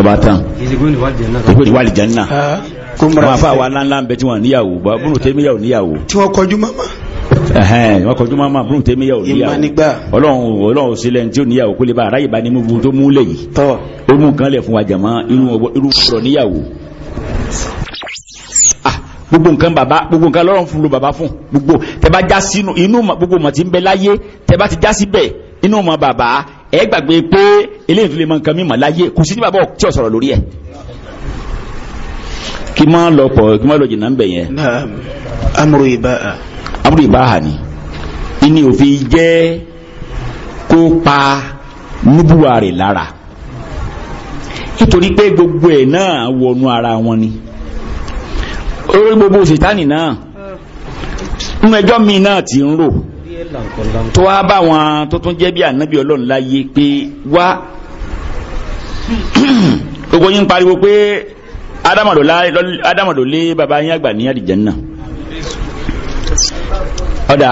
S1: ọba hmm. tán
S2: ìgbé ìwádìí jẹ́ nínà
S1: kó máa fà wà ńláńlá ń tí wọ́n níyàwó bá búrò tẹ́míyàwó níyàwó tí wọ́n kọjú mọ́mọ́ ẹhẹn wọn kọjú máa ma bùrùn tẹ́mi yà ò níyàwó ọlọ́run ọlọ́run sílẹ̀ tí ó níyàwó kó lè bá aráyè bá ní mú tó mú lè yìí ó mú kan lẹ̀ fún wa jàmọ́ irú ọ̀rọ̀ níyàwó. Ah, gbogbo nǹkan bàbá gbogbo nǹkan lọ́rọ̀ fún lo bàbá fún gbogbo tẹ bá já sínú inú gbogbo mọ̀ tí ń bẹ láyé tẹ ti já síbẹ̀ inú mọ̀ bàbá ẹ gbàgbé pé eléyìí tó lè mọ nǹkan mímọ̀ láyé kò sí ní bàbá tí ò sọ̀rọ̀ lórí ẹ̀ kí má lọ pọ̀ kí má lọ jìnnà ń bẹ̀ yẹn. amúrò ìbá amúlò ìbáhà ni ìní òfin jẹ́ kó pa núbúwa rẹ̀ lára nítorí pé gbogbo ẹ̀ náà wọnú ara wọn ni orí gbogbo sètánì náà nínú ẹjọ́ mi náà ti ń rò tó wá bá wọn tó tún jẹ́ bí ànábì ọlọ́run láyé pé wá gbogbo yín pariwo pé ádámọ̀dò baba yín àgbà ní àdìjẹ́ náà ọ̀dà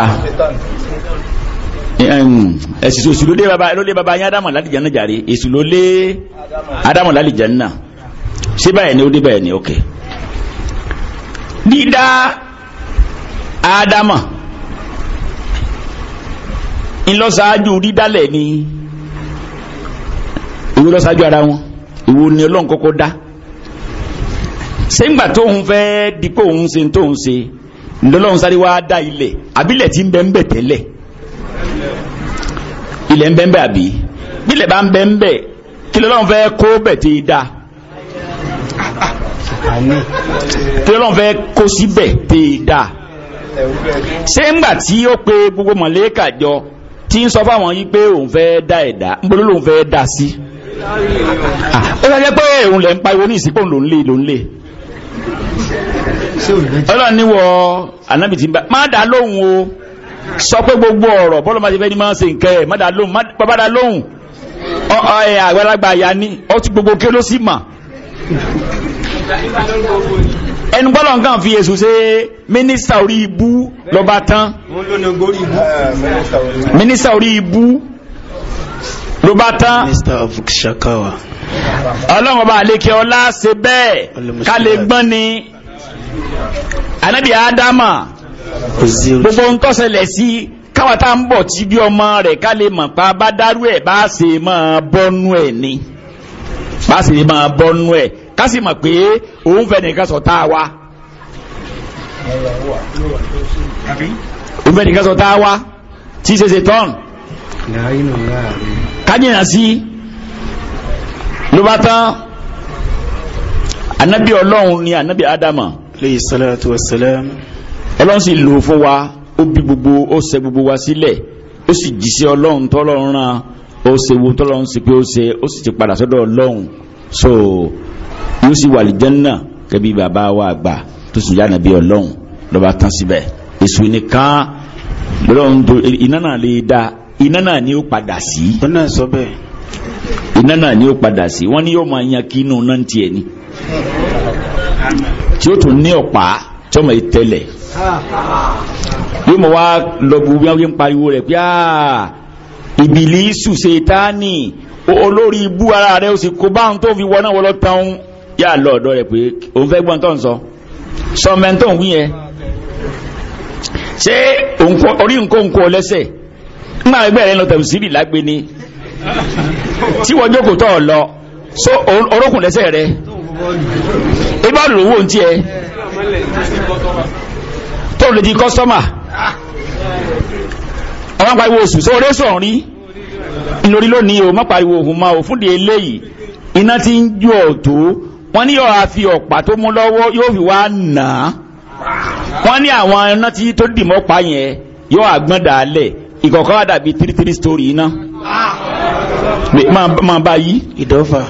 S1: ẹ̀sìn òsì ló lé baba ló lé baba yín adamu láti jẹ́ náà jàre èsì ló lé adamu láti jẹ́ náà ṣé báyìí ni ó dé báyìí ni ok dídá adamu ńlọ́sáájú dídálẹ̀ ni ìwé lọ́sáájú ara wọn ìwo ni ọlọ́run kọ́kọ́ dá ṣé tóun fẹ́ dípò òun ṣe tóun ṣe lọ́lọ́run sáré wá dá ilẹ̀ àbílẹ̀ tí ń bẹ ń bẹ tẹ́lẹ̀ ilẹ̀ ń bẹ ń bẹ àbí bílẹ̀ bá ń bẹ ń bẹ kí lọ́lọ́run fẹ́ kó bẹ̀ tí ì dá kí lọ́lọ́run fẹ́ kó síbẹ̀ tí ì dá ṣé ńgbà tí ó pe gbogbo mọ̀lẹ́kà jọ tí ń sọ fáwọn yìí pé òun fẹ́ dá ẹ̀dá ń bolo lòun fẹ́ dá sí ah, ó sọ pé òun lè ń pariwo ní ìsìnkú òun lòun lè lòun lè ọlọ́run níwọ̀ anábì tí ń bá má dá lóhùn o sọ pé gbogbo ọ̀rọ̀ bọ́lọ̀ máa ti fẹ́ ní máa ń se nǹkan ẹ̀ má dá lóhùn bàbá dá lóhùn ẹ̀ àgbàlagbà àyà ni ọtí gbogbo ké ló sì mà ẹnu bọ́lọ̀ nǹkan fi èsù ṣe mínísítà orí ibú lọ́ba tán mínísítà orí ibú ló tán ọlọ́run ọba àlékè ọlá ṣe bẹ́ẹ̀ ká lè gbọ́n ni anabi adama gbogbo nǹkan ṣẹlẹ̀ sí káwa tá ń bọ̀ tí bí ọmọ rẹ̀ ká pa bá dárú ẹ̀ bá ṣe máa bọ́nú ẹ̀ ni bá ṣe máa bọ́nú ẹ̀ ká sì mọ̀ pé òun fẹ́ nìkan sọ tá a wá. òun fẹ́ nìkan sọ tá a wá tí ṣe ṣe tán. kájìnà sí tán anabi ọlọ́run ni anabi adama alayhi salatu ọlọ́run sì lò fún wa ó bí gbogbo ó ṣe gbogbo wa sílẹ̀ ó sì jíṣẹ́ ọlọ́run tọ́lọ́run rán ó ṣe wo tọ́lọ́run sì pé ó ṣe ó sì ti padà sọ́dọ̀ ọlọ́run so yóò sì wà lìjẹ́nà kẹ́bí bàbá wa àgbà tó sì yára bí ọlọ́run lọ́ba tán síbẹ̀ èso nìkan lọ́run tó iná náà lè da iná náà ni ó padà sí. iná sọ bẹ́ẹ̀. iná náà ni ó padà sí wọ́n ní yóò máa yan kí inú náà tiẹ̀ ni tí ó tún ní ọ̀pá tí ọmọ yìí tẹ́lẹ̀ yóò mọ̀ wá lọ gbogbo bí wọ́n ń pariwo rẹ̀ pé ìbílísù ṣètánì olórí ibú ara rẹ̀ ó sì kó báwọn tó fi wọ náà wọlọ́ tán yà lọ ọ̀dọ́ rẹ̀ pé òun fẹ́ gbọ́n tó ń sọ sọmẹ́ tó ń wí yẹn ṣé orí nǹkan lẹ́sẹ̀ nígbà ẹgbẹ́ rẹ̀ lọ tẹ̀síìrì lágbé ni tí wọ́n jókòó tọ̀ lọ so orókùn lẹ́sẹ̀ rẹ̀ ebọ́ọ̀lù lówó ń tí ẹ tó lè di kọ́sọ́mà ọwọ́n pariwo oṣù só oré sọ̀rọ̀ rí lórí lónìí o má pariwo ohun ma o fúnde eléyìí iná ti ń ju ọ̀tọ̀ wọ́n ní ọ̀rá fi ọ̀pá tó mú lọ́wọ́ yóò fi wá nà á wọ́n ní àwọn iná tí tó dì mọ́pa yẹn yóò àgbọ́n dàálẹ̀ ìkọ̀kọ́ àdàbí tírítírí sítórì iná máa bá yí ìdọ́fà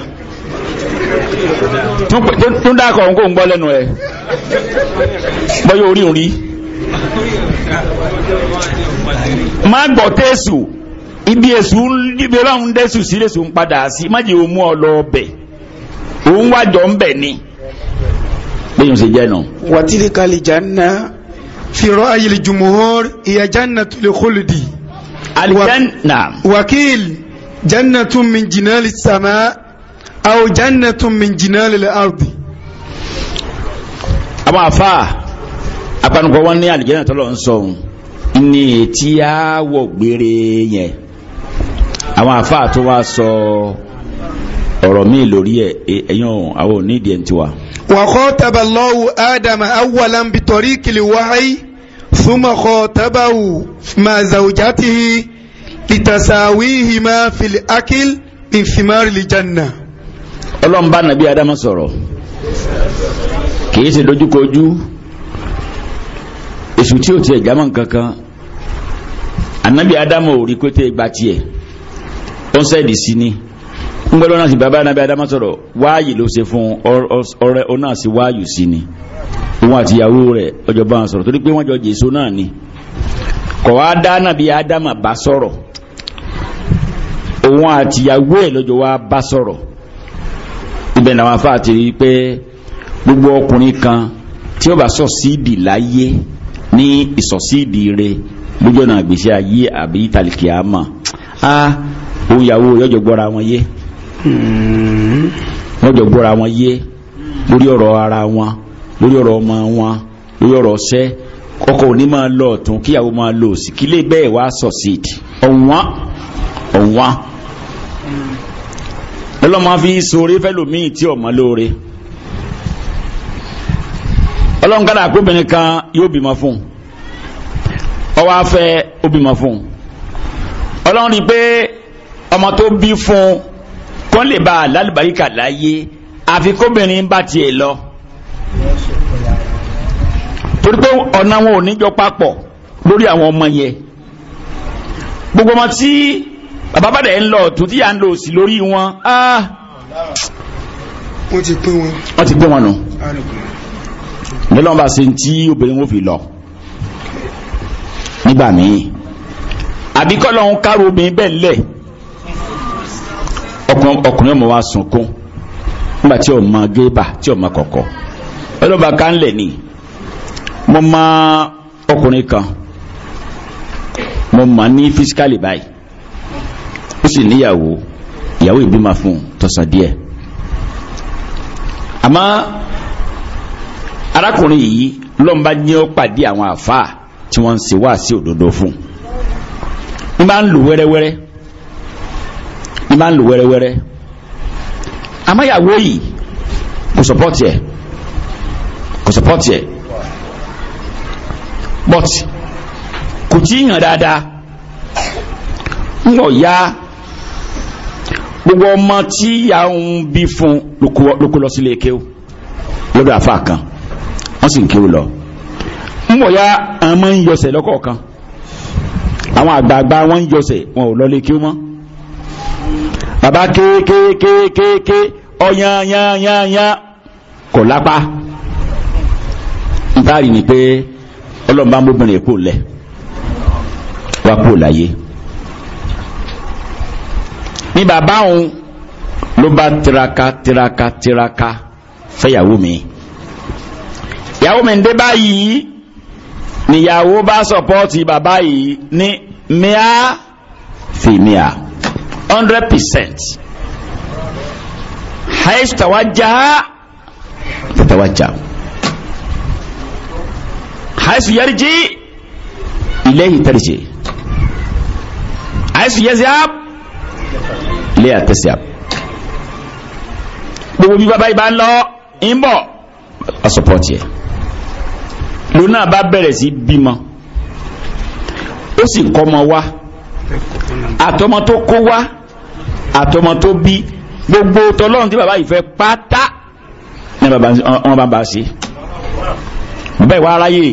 S1: tún dákọ̀ òun kò ń gbọ́ lẹ́nu ẹ̀ bọ́yọ̀ orí òun rí má gbọ́ tẹ́sù ibi èsù ibi ọlọ́run dẹ́sù sí lẹ́sù ń padà sí má jẹ́ òun mú ọ lọ ọbẹ̀ òun wájọ ń bẹ̀ ni bẹ́ẹ̀ ṣe jẹ́ náà. wàtílì kalì janna fìrọ ayélu jùmọ̀hór ìyá
S2: janna tulè kólódì. alijanna. wakil janna tún min jìnnà
S1: lè aw jannatun min jinalil ardi àwọn àfa apanukọ wọn ní àlùjẹ́nà tọ́lọ̀ ń sọ òun ní etí àwọ̀ gbére yẹn àwọn àfa tó wá sọ ọ̀rọ̀ míì lórí ẹ̀ ẹ̀yàn àwọn onídìí ẹ̀ ń tiwa. wa khataba
S2: Allahu Adama awwalan bitoriqil wahyi thumma khatabahu
S1: ma zawjatihi litasawihima fil akil min thimari lil janna ọlọ́run bá nàbí adamu sọ̀rọ̀ kìí ṣe dojúkojú èṣù tí ò tiẹ̀ jámọ́ kankan anabi adamu ò rí pété gba tiẹ̀ ó ń sẹ́ẹ̀dì sí ni ngbọ́dọ̀ náà sì bàbá anabi adamu sọ̀rọ̀ wáàyè ló ṣe fún ọrẹ ọ náà sì wáàyù sí ni òun àti ìyàwó rẹ̀ ọjọ́ bá wọn sọ̀rọ̀ torí pé wọ́n jọ jèso náà ni kọ̀ wá dá nàbí adamu bá sọ̀rọ̀ òun àti ìyàwó ẹ̀ lọ́jọ́ wá bá sọ̀rọ̀ ibẹ̀ làwọn afá ti rí i pé gbogbo ọkùnrin kan tí ó bá sọ̀síìdì láyé ní ìsọ̀síìdì rẹ̀ lójú ọ̀nà àgbèsè ayé àbí ìtàlìkì àmà á òun ìyàwó yọjọ gbọ́ra wọn yé yọjọ mm-hmm. gbọ́ra wọn yé lórí ara wọn lórí ọ̀rọ̀ ọmọ wọn lórí ọ̀rọ̀ ọ̀sẹ́ ọkọ òní máa lọ ọ̀tún kíyàwó máa lọ òsì kílé bẹ́ẹ̀ wá lọ́lọ́mọ fi sóore fẹ́lòmíì tí ọmọ lóore ọlọ́run kára àkóbìnrin kan yóò bímọ fún ọwọ́ afẹ́ ó bímọ fún ọlọ́run rí i pé ọmọ tó bí fún kó lè bá a lálùbáríkà láyé àfi kóbìnrin bá tiẹ̀ lọ torí pé ọ̀nà wọn ò ní jọ papọ̀ lórí àwọn ọmọ yẹn gbogbo ọmọ tí bàbá bàdà ń lọ tó tí à ń lò sí lórí wọn. Ah. wọ́n ti pín wọn. wọ́n ti pín wọn nù. nílọ́n bá ṣe tí obìnrin wọn fi lọ nígbà míì àbíkọ́ lọ́hún kárò obìnrin bẹ́ẹ̀ lẹ̀ ọkùnrin ọmọ wa sunkún nígbà tí ò mọ gébà tí ò mọ kọ̀kọ̀ ọlọ́ba ká ń lẹ̀ ni mo mọ ọkùnrin kan mo mọ ní fisikali báyìí sì níyàwó ìyàwó ìbímọ fún tọ̀sán díẹ̀ àmọ́ arákùnrin yìí lọ́nba ní ó pàdé àwọn àfáà tí wọ́n ń ṣe wá sí òdodo fún ní máa ń lù wẹ́rẹ́wẹ́rẹ́ ní máa ń lù wẹ́rẹ́wẹ́rẹ́ àmọ́ yìí kò sọpọ́tì ẹ̀ kò sọpọ́tì ẹ̀ but kò tí ì hàn dáadáa ń wọ̀ ya gbogbo ọmọ tí ìyá ń bí fún lóko lọ sílé kéwù lọ́dọ̀ àfa kan wọ́n sì ń kéwù lọ ń bọ̀ ya àwọn máa ń yọsẹ̀ lọ́kọ̀ọ̀kan àwọn àgbààgbà wọn ń yọsẹ̀ wọn ò lọlé kéwù mọ́ bàbá kéékéékéékéé ọ̀yányányányá kò lápá ntaari ni pé ọlọ́mọba ń bóbìnrin kò lẹ̀ wá kò láyé ní bàbá òun ló bá tiraka tiraka tiraka fẹ́yàwó mi ìyàwó mi ń dé báyìí níyàwó bá sọpọ́ọ̀tì bàbá yìí ní mia fi mia hundred percent haisu tawaja tatawaja haisu yarji ilayhi tarji haisu yazab ليتسع gbogbo bí bàbá ibà ń lọ ń bọ̀ ọ̀sọ̀pọ̀tì ẹ̀ lónà bá bẹ̀rẹ̀ sí bímọ ó sì kọ́mọ wá àtọmọ tó kó wá àtọmọ tó bí gbogbo tọlọ́run tí baba yìí fẹ́ pátá ní wọn bá bá sí bàbá ìwà aráyè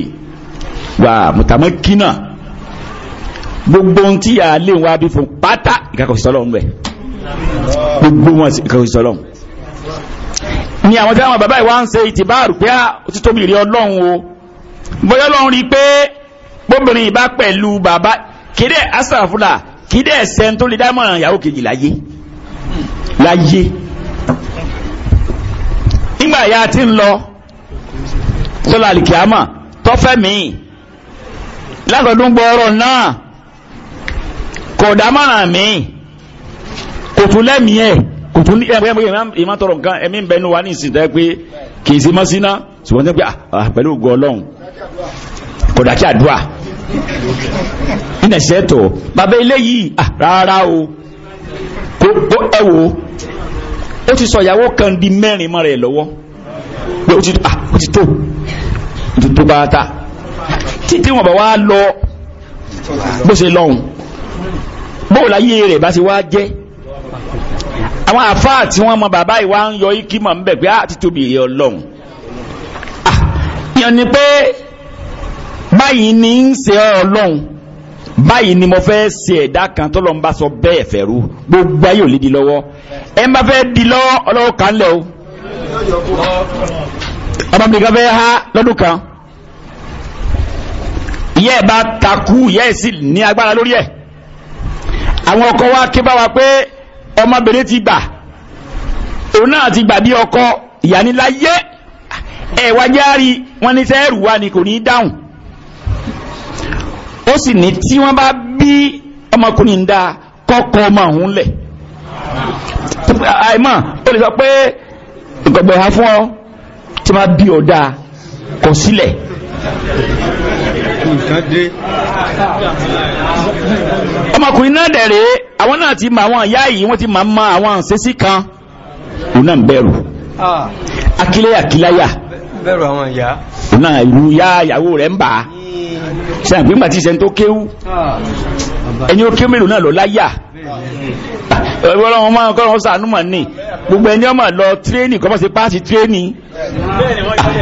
S1: wà mùtàmọ́ kínà gbogbo ohun tí yàrá lè wá bí fún pátá ìkàkọ̀ sọ́lọ́hún bẹ̀ gbogbo ni àwọn tí àwọn bàbá ìwà ń ṣe ìtìbáàrù pé ah, ó ti tóbi rí ọlọ́run o bóyá ọlọ́run rí pé bóbìnrin ìbá pẹ̀lú bàbá kéde asàfúlà kéde ẹ̀sẹ̀ tó lè dámọ̀ràn ìyàwó kejì láyé láyé nígbà ìyá ti ń lọ sọlá àlìkíámà tọ́fẹ́ mi-ín gbọ́ ọ̀rọ̀ náà kò dámọ̀ràn míì kò tún lẹ́mìí ẹ̀ kò tún ní ẹgbẹ́ ẹgbẹ́ ìmọ̀ tọrọ nǹkan ẹ̀mí ń bẹnu wa ní ìsìn tẹ́ pé kì í sí mọ́síná ṣùgbọ́n tẹ́ pé ah, ah, pẹ̀lú ògo ọlọ́run kò dákí àdúrà ìnẹ̀sẹ̀ tọ̀ bàbá eléyìí ah, rárá o kó ẹ wo ó ti sọ ìyàwó kan di mẹ́rin mọ́ rẹ̀ lọ́wọ́ pé ó ti tó ó ti tó bá ta tí wọn bá wá lọ bó ṣe lọ́hùn bóò láyé rẹ̀ bá ti wá jẹ́ àwọn àfáà tí wọ́n mọ bàbá ìwà ń yọ ikí mọ̀ ń bẹ̀ pé àti ah, tóbi èyí ọlọ́run ah, yàn ni pé báyìí ni ń ṣe ọlọ́run báyìí ni mo fẹ́ ṣe ẹ̀dá kan tó lọ́n bá sọ bẹ́ẹ̀ fẹ̀rú gbogbo ayé lè di lọ́wọ́ ẹ má fẹ́ di lọ́wọ́ ọlọ́wọ́ kan lẹ̀ o ọmọbìnrin fẹ́ há lọ́dún kan ìyá ẹ̀ bá takú ìyá ẹ̀ sì ní agbára lórí ẹ̀ àwọn ọkọ wa ké bá wa pé ọmọbìnrin ti gbà òun náà ti gbà bí ọkọ ìyániláyé ẹ wá járí wọn ní sẹ́ẹ̀rù wa ni kò ní dáhùn ó sì ní tí wọ́n bá bí ọmọkùnrin dáa kọ́kọ́ ọmọ òun lẹ̀ àìmọ̀ ó lè sọ pé ìgbọ̀gbọ̀ ha fún ọ tí wọ́n bí ọ kọ̀ sílẹ̀ nǹkan dé. ọmọkùnrin náà dẹ̀rẹ̀ àwọn náà ti mọ àwọn ìyá yìí wọ́n ti máa ń mọ àwọn àǹsẹ́sí kan òun náà ń bẹ̀rù ah. akílẹ̀ àkíláyà bẹ̀rù àwọn ìyá òun náà ìlú ya ìyàwó rẹ̀ ń bà á ṣe àgbéǹgbà tí ìṣẹ́ni tó kéwú ah. ẹni ó kéwú mélòó náà lọ láyà ọlọ́run ọmọ ọkọ̀rọ̀ sàánú mà ní gbogbo ẹni ọmọ lọ tírénì kọ́ bá ṣe páàsì tírénì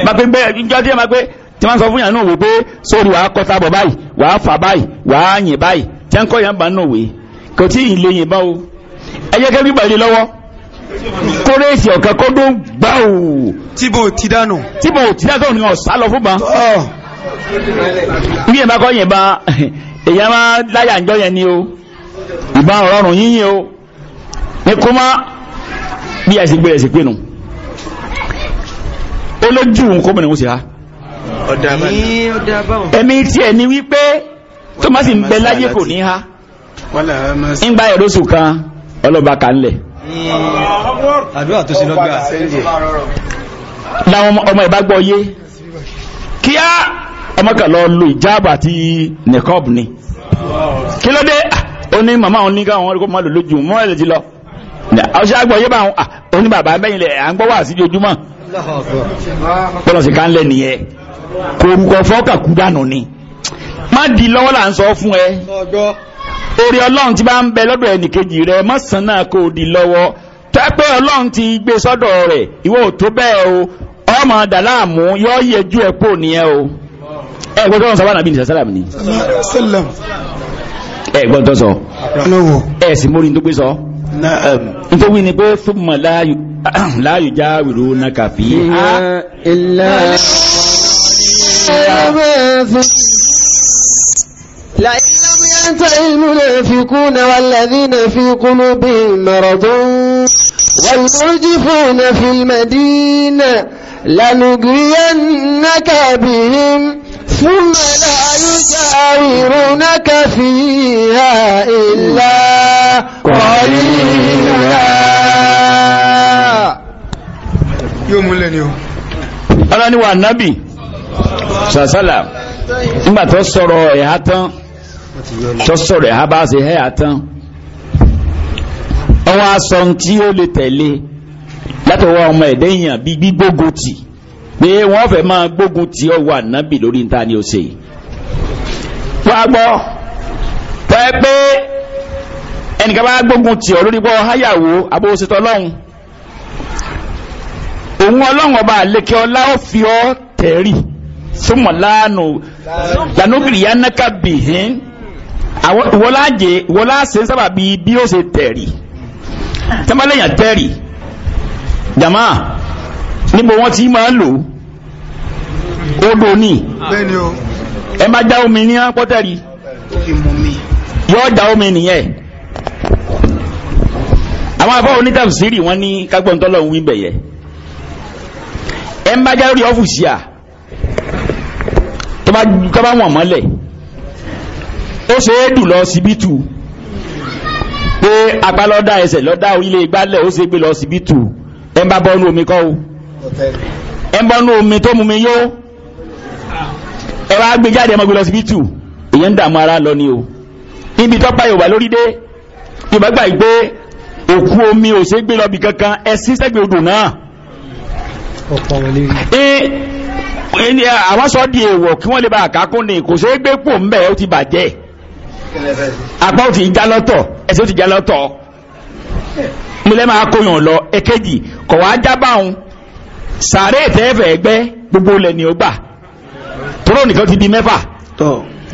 S1: máa pé bẹ́ẹ̀ ìjọ́ díẹ̀ máa pé tí wọ́n sọ fún yàn náà wò pé sórí wàá kọ́ sábọ̀ báyìí wàá fà báyìí wàá yìn báyìí tí wọ́n kọ́ yàn bá náà wè kò tí ì lè yìn bá o ẹ jẹ́ kẹ́bí gbàlè lọ́wọ́ kórèsì ọ̀kan kó dó gbá o. tíbo ti dànù. tíbo ti dànù ni ọ̀sá lọ fún ba. bí yẹn bá kọ́ yẹn bá èèyàn máa láyà ńjọ yẹn ni o ìbá ọ̀rọ̀rùn yíyìn o ní kó má bí àìsí gbé ẹ̀sìn pinnu ó lójú nǹkó mọ̀ ní sì ha ẹ̀mí tí ẹ̀ ní wípé
S2: tó má sì ń bẹ láyé kò ní
S1: ha ń gba ẹ̀rọ́sù kan ọlọ́ba kà ń lẹ̀ àdúrà tó sí lọ́gbà láwọn ọmọ ìbágbọ́ yé kí á ọmọkà lọ lo ìjáàbà àti nìkọ́ọ̀bù ni kí ló dé ah, ó ní màmá òun ní káwọn ọ̀rẹ́kọ́ máa lò mọ́ ẹ̀rẹ́ lọ ọṣẹ́ àgbọ̀ yé bá òun ah, ní bàbá bẹ́yìn lẹ̀ à ń gbọ́ wà sí ojoojúmọ́ pọ́lọ̀ ká ń lẹ̀ nìyẹn kòrùkọ̀ fọ́kà kú dànù ni má di lọ́wọ́ là ń sọ fún ẹ orí ọlọ́run ti bá ń bẹ lọ́dọ̀ ẹnìkejì rẹ mọ́sàn náà kò di lọ́wọ́ tẹ́pẹ́ ọlọ́run ti gbé e sọ́dọ̀ rẹ̀ ìwọ ò tó bẹ́ẹ̀ o ọmọ dàláàmú yọ yẹjú ẹ kó nìyẹn o ẹ gbọ́dọ̀ sọ wọn àbí nìyẹn sálàmù ni ẹ gbọ́dọ̀ sọ ẹ sì mórí tó gbé sọ nítorí ni pé fún mọ̀ láàyò jáwèrò náà kàfí.
S2: ما
S1: في لئن لم
S2: ينتهي المنافقون والذين في قلوبهم مرض والمرجفون في المدينة لنجرينك بهم ثم لا يجاورونك فيها إلا قليلا
S1: يوم لن يوم أنا نوى النبي sàṣàlà nígbà tó sọ̀rọ̀ ẹ̀há tán tó sọ̀rọ̀ ẹ̀há bá ṣe ẹ̀há tán ọwọ́ aṣọ tí ó lè tẹ̀lé látọwọ́ ọmọ ẹ̀dẹ́ èèyàn bí gbígbógun tì pé wọ́n fẹ́ máa gbógun tì ọwọ́ ànábì lórí níta ni o ṣe yìí. wọ́n á pé ẹnìkan bá gbógun tì ọ lórí bọ́ háyàwó abóṣetọ́ òun ọlọ́run ọba àlekẹ́ ọlá ó fi súnmọ́ láàánú lànàkìrì yá náka bìhín wọlá jẹ wọlá ṣe ń sábà bí bí ó ṣe tẹ̀rì tẹ́mbàlẹ́yìn tẹ̀rì jàmá níbo wọ́n ti máa ń lò odò ní ẹ má já omi ní pọ́tẹ́rì yóò já omi nìyẹn àwọn afọ onítàfsírì wọn ní kágbọ́ntọ́lọ́ ń wí ẹ ń já lórí ọ́fíìsì à tọ́bá wọ̀n mọ́lẹ̀ ó ṣe é dùn lọ síbítù pé apá lọ́dá ẹsẹ̀ lọ́dá ilé ìgbálẹ̀ ó ṣe gbé lọ síbítù ẹ ń bá bọ́nú omi kọ́ o ẹ ń bọ́nú omi tó mú mi yó ẹ wá gbé jáde ọmọ gbé lọ síbítù èyí ń dààmú ara lọ ni o níbi tọ́pá yorùbá lórí dé yorùbá gbà gbé òkú omi ò ṣe gbé lọ bì kankan ẹ sí sẹ́gbẹ̀ẹ́ odò náà àwọn sọ di èèwọ̀ kí wọ́n lè bá àkákún ní kò ṣeé gbé pò ń bẹ̀ ó ti bàjẹ́ apá ó ti já lọ́tọ̀ ẹsẹ̀ ó ti já lọ́tọ̀ mo lẹ́ máa kóyàn lọ èkejì kọ̀ wá jábàun sàárè ìtẹ́fẹ̀ ẹgbẹ́ gbogbo ilẹ̀ ni ó gbà tóró nìkan ti di mẹ́fà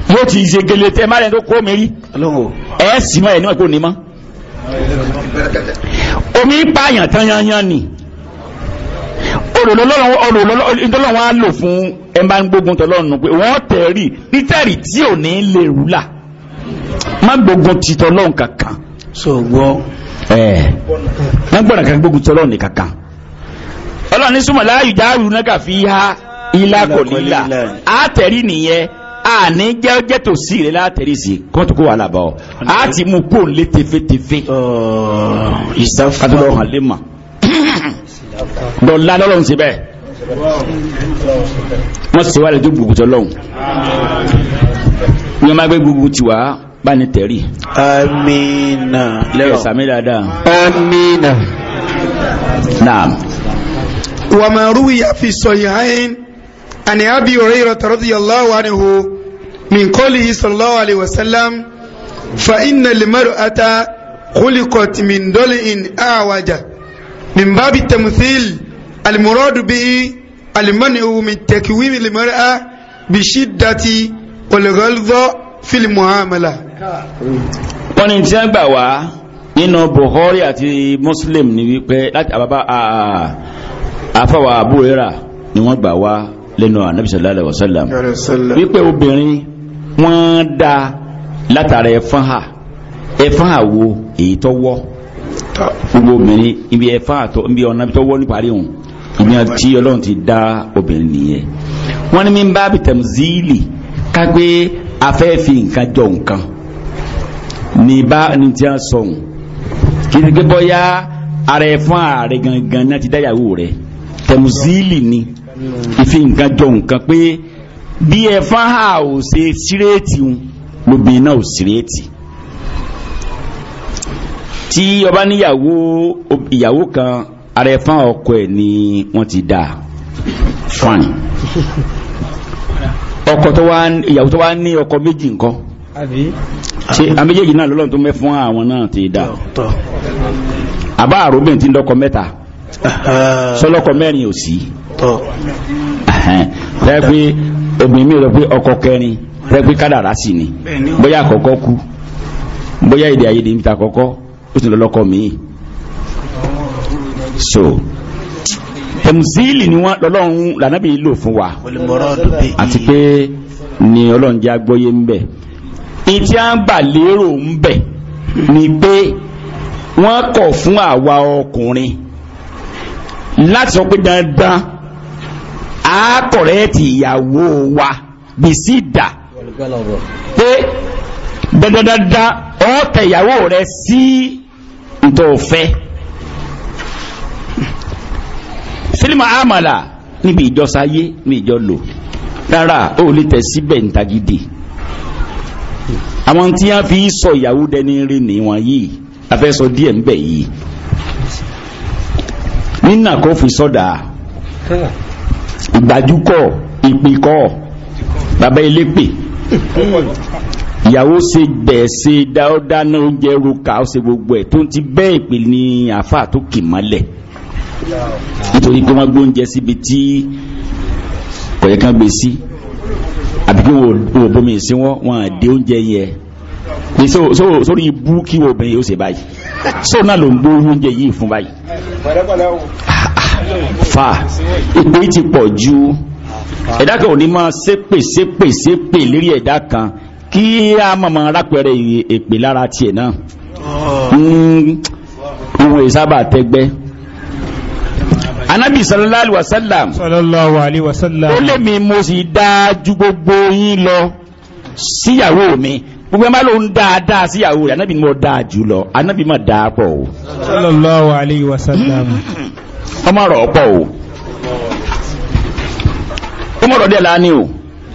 S1: yóò ti ṣe gele tẹ má lẹ́nu tó kó mi rí ẹ̀ sì mọ́ ẹ̀ níwọ̀n kó ní mọ́ omi pààyàn tán yányán ni olùlọ́lọ́wọ́n á lò fún ẹ máa ń gbógun tọ́lọ́nù pé wọ́n tẹ̀rí nítẹ̀rí tí ò ní lè rúlà má gbógun ti tọ́lọ́nù kankan so gbọ́ ẹ̀ má gbọ́dọ̀ kan gbógun tọ́lọ́nù kankan ọlọ́run ní súnmọ̀ láàyè jáàrú náà kà fi ha ilá kò lílà á tẹ̀rí nìyẹn a ní jẹ́ jẹ́ tó sí rẹ̀ látẹ̀rí sí kọ́ tó kó wà lábọ̀ a ti mú kó lé tefetefe oh, ìsáfúnlọ́hàn lè mà dọ̀la lọ́lọ́run síbẹ̀ wọ́n sì wá lè tó gbogbo tọ́lọ́run ní ọmọ agbẹ́ gbogbo tiwa bá ní tẹ̀rí. amina. lẹ́yìn sàmì dáadáa. amina. naam. wàmà rúwìyà fi sọ̀yìn àyìn
S2: àni àbí Hurayrata radiyallahu anhu min qawlihi sallallahu alayhi wa sallam fa inna limar'ata khuliqat min dolin a'waja. من باب التمثيل المراد به المنع من
S1: تكويم المرأة بشدة والغلظ في المعاملة wọ́n ní tí a gbà wá nínú Bukhari àti Muslim ní wípé láti àbábá àfàwà àbúrẹ́rà ni wọ́n gbà wá lẹ́nu Ànábì sallallahu alaihi wasallam wípé obìnrin wọ́n dá látara ẹ̀fọ́n hà ẹ̀fọ́n àwo èyí tó wọ́ gbogbo obìnrin ibi ẹ̀fà àtọ ibi ọ̀nà tó wọ́ níparí òun ibi tí ọlọ́run ti dá obìnrin nìyẹn wọ́n ní mi bá bi tẹ̀mùzíìlì ká pé afẹ́ fi nǹkan jọ nǹkan ní bá ní tí a sọ̀hún kí ni pé bọ́yá ara ẹ̀ fún ààrẹ gangan náà ti dá ìyàwó rẹ̀ tẹ̀mùzíìlì ni ìfi nǹkan jọ nǹkan pé bí ẹ̀fà hà ò ṣe sírètì lóbìnrin náà ò sírètì tí ọba níyàwó ìyàwó kan ara ẹ̀fọn ọkọ ẹ̀ ni wọ́n ti dà fine ọkọ tó wá ìyàwó tó wá ní ọkọ méjì nǹkan ṣe àméjèèjì náà lọ́lọ́run tó mẹ́ fún àwọn náà ti dà àbá àròbìn tí ń dọ́kọ mẹ́ta sọlọ́kọ mẹ́rin ò sí rẹ pé obìnrin mi rẹ pé ọkọ kẹrin rẹ kádàrá sì ni bóyá àkọ́kọ́ kú bóyá èdè àìyedè níta àkọ́kọ́ ó sì lọ lọ́kọ míì so tẹ̀mùsíìlì ni wọ́n lọ́lọ́run lànàbí lò fún wa àti pé ni ọlọ́run jẹ́ agbóyé ń bẹ̀ ìtí à ń bà lérò ń ni pé wọ́n kọ̀ fún àwa ọkùnrin láti sọ pé dandan àákọ̀rẹ́ẹ̀tì ìyàwó wa bí sí dà pé dandandandan ọ̀tẹ̀ ìyàwó rẹ̀ sí. Si, ntọ́ fẹ́ fílímù àmàlà níbi ìjọsáyé níbi ìjọ lò rárá ó lè tẹ̀ síbẹ̀ a àwọn tí a fi sọ ìyàwó dẹni rí ni wọn yìí afẹ́sọ díẹ̀ ńbẹ̀ yìí nínà kó fi sọ́dà ìgbàjúkọ̀ ìpìkọ̀ bàbá ilé pè ìyàwó ṣe gbẹ̀ẹ́sẹ̀ dáódáná oúnjẹ ruka ó ṣe gbogbo ẹ̀ tó ń ti bẹ́ẹ̀ pè ní àáfàá tó kì mọ́lẹ̀ nítorí pé wọ́n gbóúnjẹ síbi tí kọ̀yẹ́ kan gbé sí àbí kí wò bómi sí wọn wọn àdé oúnjẹ yẹn ní sórí ibú kí wò bẹ́ẹ̀ ó ṣe báyìí sóò náà ló ń gbó oúnjẹ yìí fún báyìí fa ìpè ti pọ̀ ju ẹ̀dá kan ò ní máa ṣépè ṣépè ṣépè lérí ẹ̀dá kan kí a mọ̀mọ́ rápẹ̀rẹ̀ èpè lára tiẹ̀ náà ohun ah. ìsábà tẹ́gbẹ́ anábì sallallahu alaihi wasallam sallallahu alaihi wasallam ó lè mi mo sì dáa ju gbogbo yín lọ síyàwó mi gbogbo ẹ máa lòun dáadáa síyàwó rẹ̀ anábì mọ̀ dáa jù lọ anábì mọ̀ dáa pọ̀ o.
S2: sallallahu alaihi
S1: wasallam. sallam. ọmọ rọ̀ pọ̀ o. ọmọ rọ̀ dẹ̀ lánìí o.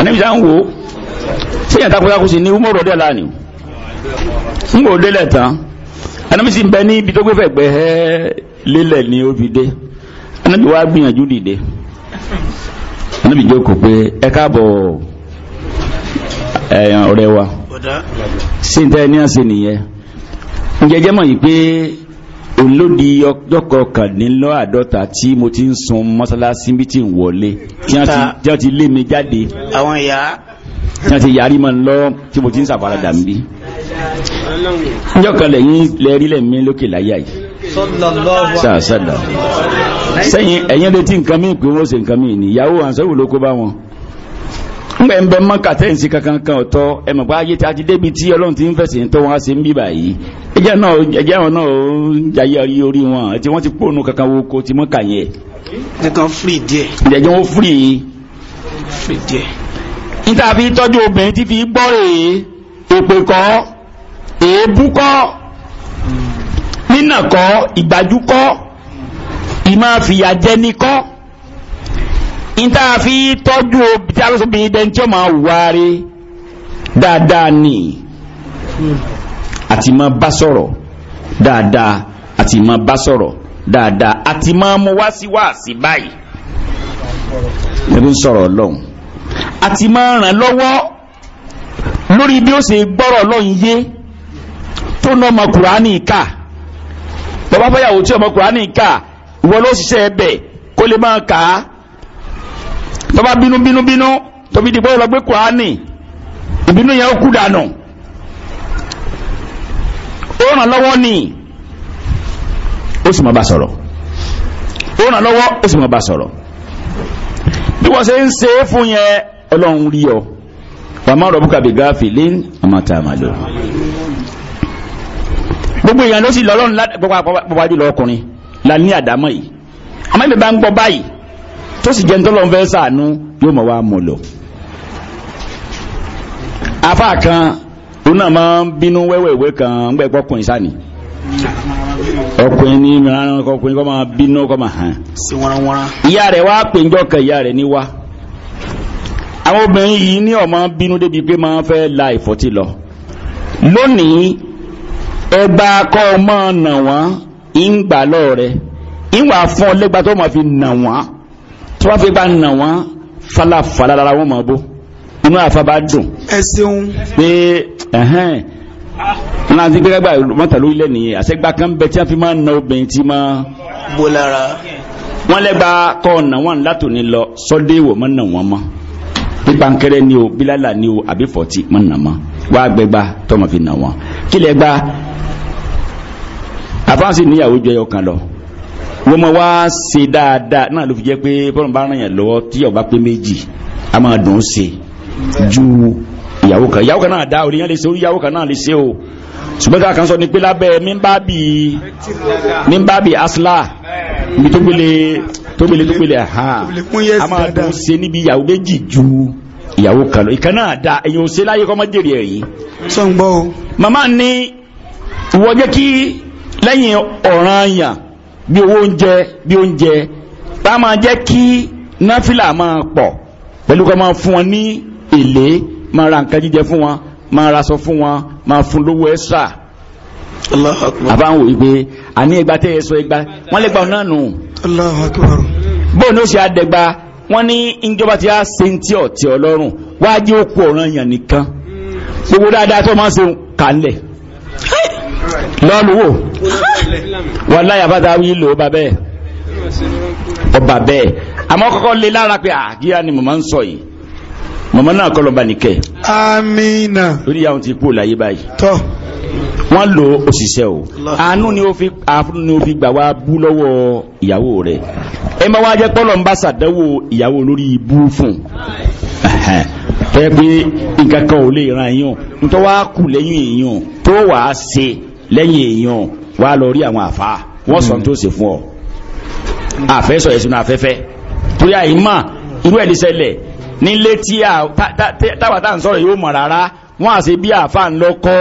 S1: àníbi sáà ń wo tí yàn takuntakú sí ní umaru ọdẹ láàánú ń wò délẹ̀ tán àníbi sì ń bẹ ní ibi tó gbé fẹ̀gbẹ́ ẹ́ lélẹ̀ ní ó fi dé àníbi wá gbìyànjú dìde àníbi jókòó pé ẹ káàbọ̀ eh, ọ̀rẹ́ wa sí ní àṣẹ nìyẹn ń jẹjẹ́ yìí pé olódi ọjọ́ kọkàndínlọ́àdọ́ta tí mo ti ń sun mọ́sálásí bí ti ń wọlé tí wọ́n ti lé mi jáde àwọn ìyá tí wọ́n ti yarí mọ́ lọ tí mo ti ń sàfaradà ń bí ọjọ́ kan lẹ́yìn lẹ́rí lẹ́mí lókè láyà yìí sàṣàdà sẹ́yìn ẹ̀yìn nǹkan mí pé wọ́n ṣe nǹkan mí ni ìyàwó ló kó bá wọn ngbẹ̀ ń bẹ mọ́kà tẹ́ǹsì kankan kan ọ̀tọ́ ẹ̀mọ̀ pa ayé tí a ti débi tí ọlọ́run ti ń fẹ̀sẹ̀ tó wọn á ṣe ń bí báyìí ẹjẹ́ náà ẹjẹ́ àwọn náà ó ń jayé orí wọn tí wọ́n ti pòónù kankan wo ko ti mọ́kà yẹn. kankan firi díẹ̀. ìdẹ̀jẹ̀ wọn firi. firi díẹ̀. níta fi tọ́jú obìnrin tí fi gbọ́ rèé èpè kọ́ èébú kọ́ nínà kọ́ ìgbájú kọ́ ìmáfìyàjẹni kọ́ níta fi tọ́jú tí a lọ sọ́bí ẹni tí ó máa wárí dáadáa ni àti máa bá sọ̀rọ̀ dáadáa àti máa bá sọ̀rọ̀ dáadáa àti máa mú wá sí wá sí báyìí ẹbí ń sọ̀rọ̀ ọlọ́run àti máa ràn lọ́wọ́ lórí bí ó ṣe gbọ́rọ̀ ọlọ́run yé tó ná ọmọ kùránì ká bàbá fẹ́yàwó tí ọmọ kùránì ká ìwọ ló ṣiṣẹ́ ẹbẹ̀ kó lè máa kà á tó bá bínú bínú bínú tó fi di pé ó lọ gbé ìbínú yẹn kú dànù ó ràn lọ́wọ́ ni ó sì máa bá sọ̀rọ̀ ó ràn lọ́wọ́ ó sì máa bá sọ̀rọ̀ bí wọ́n ṣe ń ṣe é fún yẹn ọlọ́run rí ọ wàmọ́ ọ̀rọ̀ bùkà bí gáàfì lé àmọ́ta àmàlò gbogbo èèyàn ló sì lọ́lọ́run gbogbo àpapọ̀ wájú lọ́kùnrin la ní àdámọ́ yìí àmọ́ ìbí bá ń gbọ́ báyìí tó sì jẹ́ ń tọ́lọ́ fẹ́ sànú yóò mọ̀ wá mú lò. afa kan òun náà máa ń bínú wẹ́wẹ́wẹ́ kan ń gbẹ́ pọ́kùnrin sani ọkùnrin ní mìíràn ọkùnrin kọ́ máa bínú kọ́ máa hàn. ìyá rẹ̀ wá pè ń ìyá rẹ̀ ní wá. àwọn obìnrin yìí ní ọmọ bínú débi pé máa fẹ́ la lọ. lónìí ẹgbà kọ́ ọmọ nà wọ́n ń lọ́ọ̀rẹ́ ń fún ọ lẹ́gbàá tó máa fi nà wọ́n. tó bá fi bá nà wọ́n falafala lára wọn máa bó inú àfa bá dùn. ẹ ṣeun. pé ẹhẹ́n náà ti gbẹ́gbẹ́ gbà mọ́tà lórí lẹ́nu yẹn àṣẹgbà kan bẹ tí wọ́n fi máa na obìnrin tí máa. bó lára. wọ́n lẹ́gbàá kọ́ ọ̀nà wọn látòní lọ sọ́dẹ̀ ìwò mọ́ nà wọ́n mọ́ pípankẹrẹ ni o bílálà ni o àbí fọ̀tí mọ́ nà mọ́ wá gbẹgbà tọmọ fi nà wọ́n kílẹ̀ gbà àfáàsì níyàwó jẹyọ kan lọ wọ́n mọ̀ wá ṣe dáadáa náà ló fi jẹ́ pé bọ́lá bá ràn yàn lọ́wọ́ tí ọba pé méjì a máa dùn ún ṣe ju ìyàwó kan ìyàwó kan náà dá orí yẹn lè ṣe orí ìyàwó kan náà lè ṣe o ṣùgbọ́n ká sọ ni pé lábẹ́ mímbábì mímbábì asla ibi tó gbélé tó gbélé tó gbélé a máa dùn ún ṣe níbi ìyàwó méjì ju ìyàwó kan lọ ìkan náà dá èyàn ò ṣe láyé kọ́ mọ́jèrè ẹ̀ yìí. sọ ń gbọ́ o. màmá ni ìwọ jẹ́ kí lẹ́yìn ọ̀ràn yàn bí owó oúnjẹ bí oúnjẹ tá a máa jẹ́ kí náfìlà máa pọ̀ pẹ̀lú ká máa fún wọn ní èlé máa ra nǹkan jíjẹ fún wọn máa raṣọ fún wọn máa fún lówó ẹ́sà àbáwọn ìgbé àní ìgbà tẹ́ ẹ sọ ìgbà wọ́n lè gba ọ̀nà nù bóun ní ó ṣe àdẹ̀gba wọ́n ní ìjọba ti á ṣe ti ọ̀tí ọlọ́run wájú ó kú ọ̀ràn yàn nìkan gbogbo dáadáa tó máa ń ṣe kálẹ̀ lọ́lùwò wọ́n láyà bá dá wí lò bàbẹ́ ọba bẹ́ẹ̀ àmọ́ kọ́kọ́ lé lára pé àgíyá ni mọ̀mọ́ ń sọ yìí mọ̀mọ́ náà kọ́ lọ́ba nìkẹ́ amina lórí àwọn ti kú láyé báyìí tọ́ wọ́n lo òṣìṣẹ́ o àánú ni ó fi àánú ni ó fi gbà wá bú lọ́wọ́ ìyàwó rẹ̀ ẹ má wá jẹ́ pọ́lọ̀ ń bá ṣàdánwò ìyàwó lórí ibú fún tẹ́ pé nǹkan kan ò lè ran èèyàn nítorí kù lẹ́yìn èèyàn tó wàá ṣe lẹ́yìn èèyàn wá lọ rí àwọn àfa wọ́n sọ tó ṣe fún ọ àfẹ́ sọ ẹ̀sùn afẹ́fẹ́ torí àìmọ̀ irú ẹ̀ ní ṣẹlẹ̀ nílé tí táwa tá à ń sọ̀rọ̀ yóò mọ̀ rárá wọ́n àṣẹ bí àfa ń lọ kọ́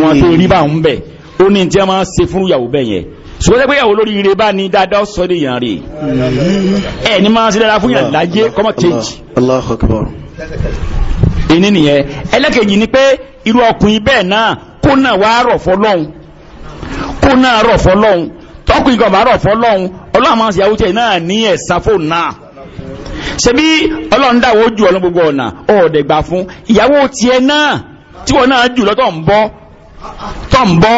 S1: wọn tó rí bá ń bẹ̀ ó ní tí wọ́n máa ń ṣe fún ìyàwó bẹ́ẹ̀ yẹn sọ́jọ́ pé ìyàwó lórí ire bá ní dáadáa sọ ní ìyàn rè ẹ̀ ní máa ń ṣe dáadáa fún ìyàn láyé kọ́mọ kéjì. ìní nìyẹn ẹlẹ́kejì ni pé irú ọkùnrin bẹ́ẹ̀ náà Kụ náà waa rọ̀ fọlọ́hún kó náà rọ̀ fọlọ́hún tọkùnrin kan bá ọlọ́run máa ń ṣèyàwó tiẹ̀ náà ní ẹ̀sán fóònù náà ṣebí ọlọ́run dáwọ́ gbogbo ọ̀nà ọ̀ọ́dẹ̀ gbà fún ìyàwó tiẹ̀ náà tí wọn náà jù lọ́tọ̀ ń bọ́ tọ̀ ń bọ́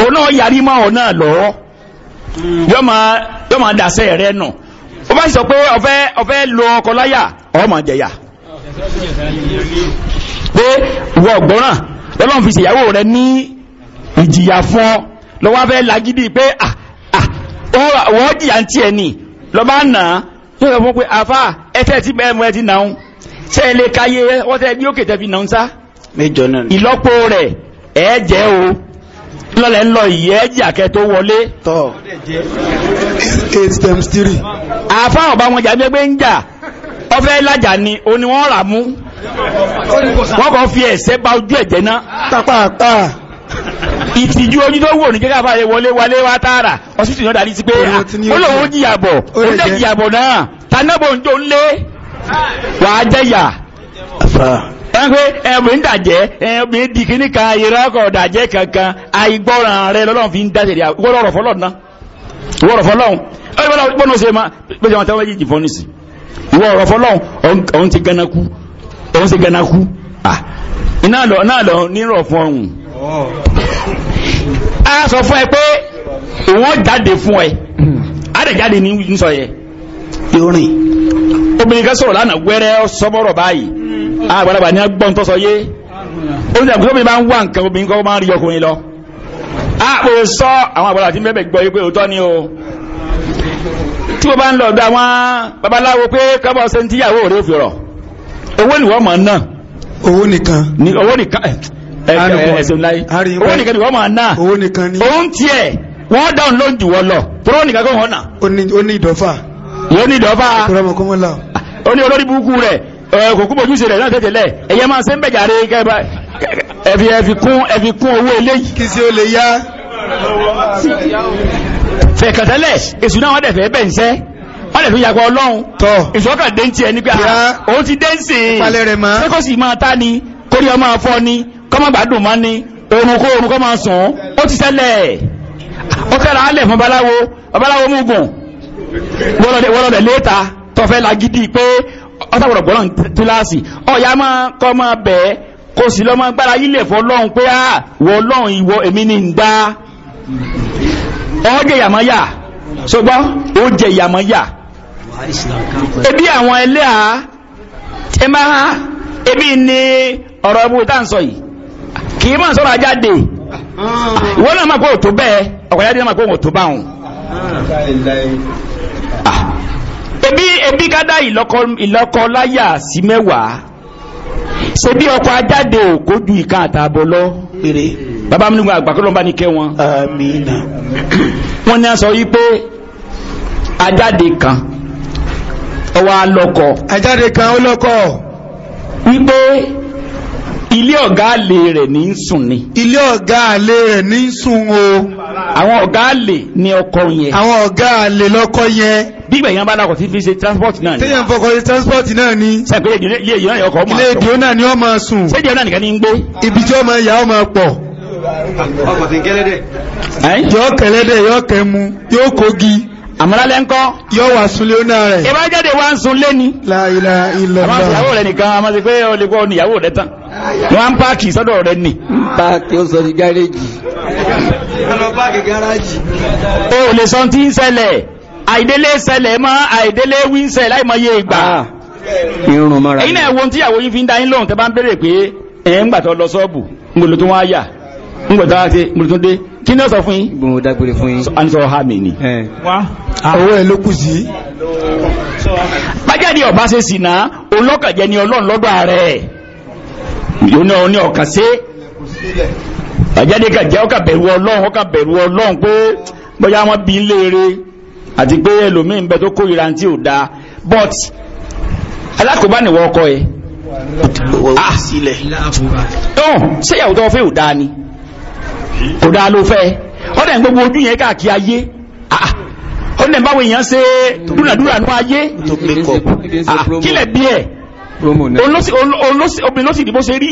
S1: òun náà yarí mọ́ ọ náà lọ́wọ́ máa rẹ nù ó bá sọ pé ọ̀fẹ́ lo ọkọ láyà ọ̀ máa pé lọ́lọ́run fi ṣèyàwó rẹ ní ìjìyà fún ọ lọ́wọ́ abẹ́ lagídí pé ah, ah, wọ́n jìyà ń tiẹ̀ nì lọ́ba nà yóò sọ fún pé àfa ẹsẹ̀ tí bẹ́ẹ̀ mú ẹ ti nà ń ṣe é lè káyé wọ́n tẹ́ bí òkè tẹ́ fi nà ń sá ìlọ́po rẹ̀ ẹ̀ jẹ́ o lọ́lẹ̀ ń lọ ìyẹ́ ni oníwọ́n rà mú wọ́n kàn fi ẹ̀sẹ̀ ba ojú ẹ̀jẹ̀ náà tápàtà ìtìjú ojú ní jẹ́ káfà yẹ wọlé wá tààrà ọsítì náà dàrí sí pé olóòwò jìyàbọ̀ olóòwò jìyàbọ̀ náà tanábò ń tó ń lé wàá ndaje ẹgbẹ́ ẹ̀mí ń dàjẹ́ ẹ̀mí di kíní kan ìrọ́kọ̀ dàjẹ́ kankan àìgbọ́ràn rẹ lọ́lọ́run fi ń dáṣẹ̀ rí wọ́rọ̀ náà ìwọ́rọ̀ òun sì gánà kú iná lọ náà lọ nírọ̀ fún ọ̀hún a sọ fún ẹ pé òun jáde fún ẹ a lè jáde ní sọ yẹ ìrìn obìnrin kan sọ̀rọ̀ lánàá wẹ́rẹ́ sọ́bọ̀rọ̀ báyìí àgbàlagbà ní agbọ́n tó sọ yé oúnjẹ àgbẹ̀ obìnrin bá ń wá nǹkan obìnrin kan máa ń rí ọkùnrin lọ àpò sọ àwọn àgbàlagbà tí mẹ́bẹ̀ gbọ́ yí pé òótọ́ ni o tí wọ́n bá ń lọ ọ̀dọ̀ àwọn babaláwo pé kọ́bọ̀ ṣe ń rẹ̀ fi rọ̀ owó ni wọ́n máa ná owó nìkan ni owó nìkan eh, eh, eh, ẹ̀sùn láyé owó nìkan ni wọ́n máa ná owó nìkan ni òun tiẹ̀ wọ́n dáhùn ló ń jù wọ́n lọ tọ́rọ nìkan kọ́ wọ́n náà ó ní ìdọ́fà ó ní ìdọ́fà ó ní olórí burúkú rẹ̀ kòkú bójúṣe rẹ̀ náà tẹ́tẹ̀lẹ̀ ẹ̀yẹ máa ṣe ń bẹ̀jàre ẹ̀fì kún owó eléyìí kí sí yá fẹ̀kàtẹ́lẹ̀ èsù náà wọ́n dẹ̀ fẹ́ ń wọ́n lè fi yàgbọ́ ọlọ́run tọ́ ìṣọ́kà déńtì ẹni pé ah, òun ti déńtì ṣẹ́kọ̀ sì máa tá ni kórí ọmọ afọ́ ni kọ́mọ gbádùn mọ́ ni oorun kó oorun kọ́ máa sùn ó ti ṣẹlẹ̀ ó fẹ́ ra alẹ̀ fún babaláwo babaláwo mú gùn wọ́lọ́dẹ̀ léta tọ́fẹ́ gidi pé ọ́tàgbọ̀dọ̀ gbọ́dọ̀ túláàsì ọ̀yá máa kọ́ máa bẹ̀ẹ́ kò sí lọ́mọ gbára yílẹ̀ fọ́ lọ́hun pé à ah, wọ́ lọ́hun ìwọ èmi ní ń ṣùgbọ́n ó jẹ ìyàmọ́yà ebi àwọn ẹlẹ́ à ẹ máa ebi ni ọ̀rọ̀ ẹbú tá ń sọ yìí kì í mọ̀ sọ̀rọ̀ ajáde ìwọ náà máa kó òtó bẹ́ẹ̀ ọ̀kọ̀ yáde máa kó òtó bá òun. Ah. ebi ebi gádà ìlọ́kọ láyà sí mẹ́wàá ṣe bí ọkọ̀ ajáde ò kó ju ìkan àtààbọ̀ lọ bàbá mi ní gbàgbà kó ló ń bá ní kẹ́ wọn. wọ́n ní a sọ yí pé ajáde kan ọwá lọ́kọ àjáde kan ó lọ́kọ wípé ilé ọ̀gá àlè rẹ̀ ní sùn ni ilé ọ̀gá àlè rẹ̀ ní sùn o àwọn ọ̀gá àlè ni ọkọ yẹn àwọn ọ̀gá àlè lọ́kọ yẹn bí ìgbà yẹn bá dákọ̀ sí fi ṣe transport náà ni tẹ́yàn fọkọ̀ ṣe transport náà ni sẹ́pẹ̀lẹ̀ ilé ìdíwọ́ náà ọkọ̀ ọmọ ilé ìdíwọ́ náà ni wọ́n máa sùn ṣé ìdíwọ́ náà nìkan ní ń gbé ibi tí ọmọ ìyá ọmọ pọ̀ ọkọ̀ tí kẹ́lẹ́dẹ̀
S2: yọ mu yóò kógi àmúlálẹ́ ńkọ́ yóò wà súnlé náà rẹ̀ ìbá
S1: jáde wá ń súnlé ni láìlá ilẹ̀ náà àmọ́ ìyàwó rẹ̀ nìkan a máa ti pé o lè gbọ́ ní ìyàwó rẹ̀ tán wọ́n ń páàkì sọ́dọ̀ rẹ̀ nì páàkì ó sọ ní gáréjì o lè sọ tí ń ṣẹlẹ̀ àìdélé ṣẹlẹ̀ mọ́ àìdélé wí ń ṣẹlẹ̀ láìmọye ìgbà èyí ah, náà wo tí ìyàwó yín fi ń dá yín lóhùn tẹ́ bá ń béèrè pé ẹ̀ ń gbàtọ́ lọ sọ́ọ̀bù ń gbòlò tó wọ́n á yà ń gbòlò tó wọ́n á ṣe ń gbòlò tó dé kí náà sọ fún yín. gbogbo dágbére fún yín. a sọ ha mi ni. Ah. owó ẹ ló kù sí. ọba ṣe sì náà olókàjẹ ni ọlọ́run lọ́dọ̀ ààrẹ yóò ní ọkàn ṣe bájáde kàjẹ́ ọkà bẹ̀rù ọlọ́run ọkà bẹ̀rù ọlọ́run pé bóyá bí léere àti pé bẹ tó tí ò but alákòóbá ẹ. Ah. ni. kò dáa ló fẹ́ ó dẹ̀ gbogbo ojú yẹn káàkiri ayé ah, ah. ó dẹ̀ báwo èèyàn ṣe ayé ah, kílẹ̀ bí ẹ̀ obìnrin ló sì dìbò ṣe rí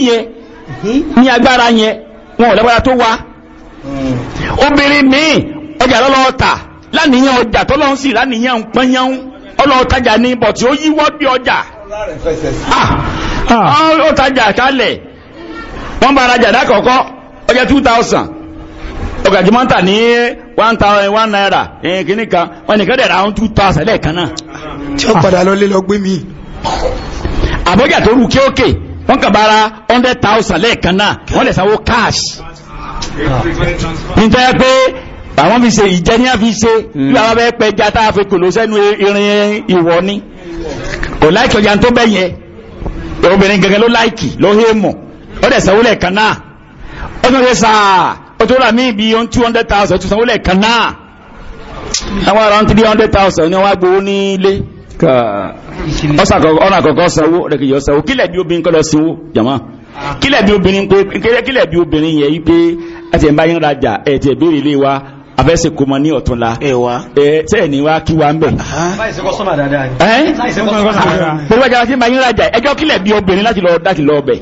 S1: ní agbára yẹn wọn ò tó wá ọjà two thousand ọkọ̀ àjùmọ̀ ń tà ní one thousand one naira kìíní kan wọn nìkan dẹ̀ ra two thousand lẹ́ẹ̀kan náà. tí ó padà lọ lé lọ gbé mi. àbọ̀jà tó rú kéókè wọ́n kàn bá hundred thousand lẹ́ẹ̀kan náà wọ́n lè sanwó cash. nítorí pé àwọn fi ṣe ìjẹ ní àfi ṣe bí hmm. àwọn bẹ pẹ jata àfi kòló sẹ́nu irin ìwọ ni kò láìkì ọjà tó bẹ yẹ obìnrin gẹ́gẹ́ ló láìkì ló hé mọ ó dẹ̀ sanwó lẹ́ẹ̀kan náà ẹgbẹ́ rẹ̀ sáà ó tó rà mí ibi ohun two hundred thousand tó sanwó lẹ́ẹ̀kan náà àwọn around three hundred thousand ni wọ́n á gbowó ní ilé ọ̀nà àkọ́kọ́ sanwó rẹ̀kẹ̀yọ̀ sanwó kílẹ̀ bí obìnrin kọ́ lọ sanwó jàmá kílẹ̀ bí obìnrin pé kílẹ̀ bí obìnrin yẹ yí pé ẹ̀tẹ̀ ń bá yín rajà ẹ̀tẹ̀ béèrè ilé wa A kò mọ ní ọ̀tún la sẹ́yìn ni wá kí wa ń bẹ̀. gbogbo ẹja tí ma yín rajà ẹjọ́ kílẹ̀ bí obìnrin láti lọ láti lọ bẹ̀.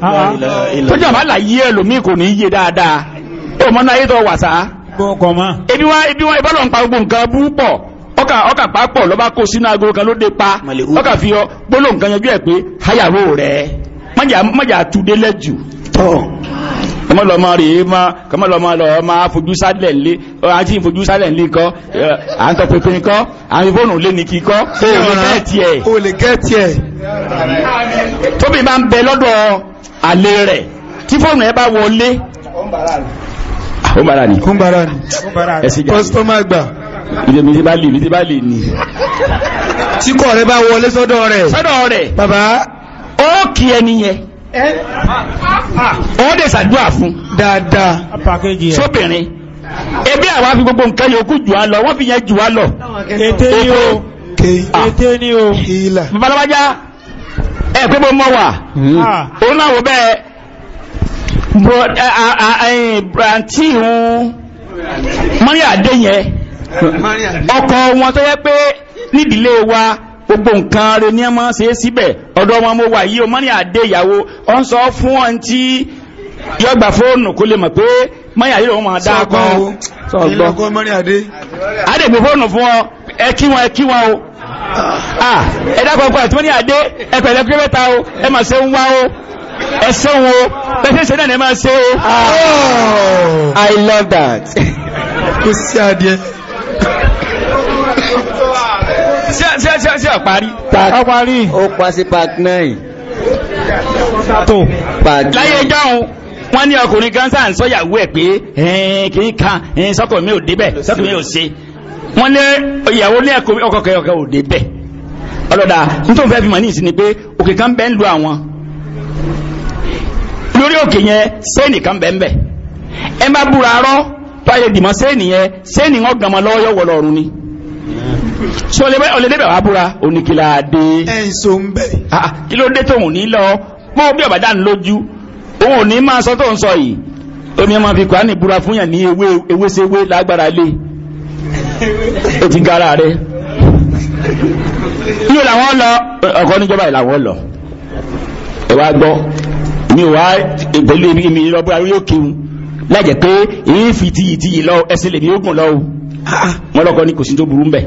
S1: tọ́jú àmà là yí ẹlòmíì kò ní yé dáadáa ó mọ náà yé tó wà sá. ebi wa ebi wa ìbálò ń pa gbogbo kan pa kọ́mọ́ lọ́mọ rẹ̀ mọ́ kọ́mọ́ lọ́mọ lọ́ máa fojú sálẹ̀ lé àti ìfojú sálẹ̀ lé kọ́ à ń tọpinpin kọ́ àwọn fóònù lé ní kíkọ́ o lè gẹ́ tiẹ̀ tóbi máa ń bẹ lọ́dọ̀ àlè rẹ̀ tí fóònù ẹ bá wọlé ó bára ní ó bára ní kọ́sítọ́mà gbà ìdèmí ti bá lè ní ti bá lè ní tí kọ̀ rẹ bá wọlé sọ́dọ̀ rẹ̀ sọ́dọ̀ rẹ̀ bàbá ó kí ẹni yẹn
S2: Eh? Ah.
S1: wọ́n dẹ̀ sàdúrà fún dáadáa sóbìnrin ebi àwa fi gbogbo nǹkan yòókù jù á lọ wọ́n fi yẹn jù á lọ. ète ni o ète ni o. babalabajá ẹ pé bó mọ wà hmm. ah. òun náà wò bẹ́ẹ̀ àǹtí ìhun mọ́rí àdé yẹn ọkọ wọn tó yẹ pé nídìílé wa gbogbo nǹkan rẹ̀ ní ẹ máa ṣe é síbẹ̀ ọ̀dọ̀ wọn mo wà yìí o mọ́ni àdé ìyàwó ọ ń sọ fún ọ tí yọ fóònù kó lè mọ̀ pé mọ́ni àdé òun máa dá a kan sọ̀gbọ́ mọ́ni àdé. àdé gbé fóònù fún ọ ẹ kí wọn ẹ kí wọn o ah. Ah, ẹ dákọ̀ ọkọ̀ àti mọ́ni àdé ẹ pẹ̀lẹ́ pé mẹ́ta o ẹ mà ṣe ń wá o ẹ sẹ́wọ̀n o pẹ̀sẹ̀ ṣe náà ní ẹ máa ṣe o. Ah. I love that. kò sí adìẹ ṣe ọ̀parí ọ̀parí ó pàṣẹ park 9 tó láyé jọun wọ́n ní ọkùnrin kan ń sọ́yàwó ẹ̀ pé kì í kan ẹ̀ẹ́n mi ò débẹ̀ sọ́kọ̀ mi ò ṣe wọ́n lé ìyàwó ní ẹ̀kọ́ ọkọ̀kẹ́ ò débẹ̀ ọlọ́dà nítorí fẹ́ fi mọ̀ ní ìsìn pé òkè kan bẹ́ ń lu àwọn lórí òkè yẹn sẹ́ẹ̀nì kan bẹ́ ń bẹ̀ ẹ má búra rọ́ tó ayé dìmọ́ sẹ́ẹ̀nì yẹn sẹ́ẹ̀nì wọn gàmọ́ lọ́wọ́ yọ wọlọ́ọ̀rùn ni so ọlẹ́dẹ́bẹ̀ wá búra oníkìlá dé ẹ̀ǹso ń bẹ̀ ah, ah, kí ló dé tóun ní lọ mọ́ bí ọ̀bá dánù lójú òun ò ní máa sọ tó ń sọ yìí omi ọmọ fi kwani búra fún yàn ní ewé sewé lágbára lé o ti gara rẹ yóò làwọn lọ ọkọ níjọba yìí làwọn lọ ẹ wá gbọ́ mi wá pẹ̀lú èmi lọ́búra yóò kéwù lájẹ̀ pé èéfì tiyìtiyì lọ ẹsẹ̀ lèmi ó gùn lọ o wọn ah, lọkọ ní kò sí tó burú ń bẹ̀.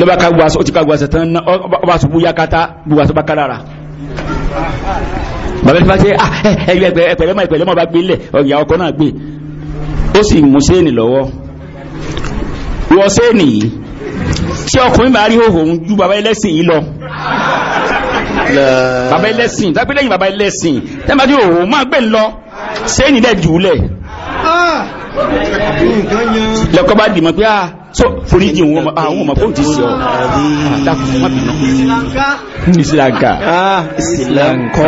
S1: lọ́ba ká gba ọtí ká gba ọsẹ tán ná ọba sọ̀bù yá kátá gbogbo àtọ́ba ká dára. bàbá ìfipá ṣe ah, ẹgbẹ̀lẹ́mọ̀ ìpẹ̀lẹ́mọ̀ bá gbé lẹ̀ ọ̀yà ọkọ̀ náà gbé ó sì mú séènì lọ́wọ́ wọ séènì yìí tí ọkùnrin bá rí òhòhùn ju bàbá ẹlẹ́sìn yìí lọ bàbá ẹlẹ́sìn dápẹ́ lẹ́yìn bàbá ẹlẹ́sìn tẹ́lẹ̀ bá máa gbé lọ sẹ́yìn dẹ̀ jù ú lẹ̀ ah! lọ́kọ́ bá dì mọ́ pé ah, so foríjì wọn àwọn ah, ọmọ bó ti sí ọ ah, dákùn má bínú ìsìlànkà ìsìlànkà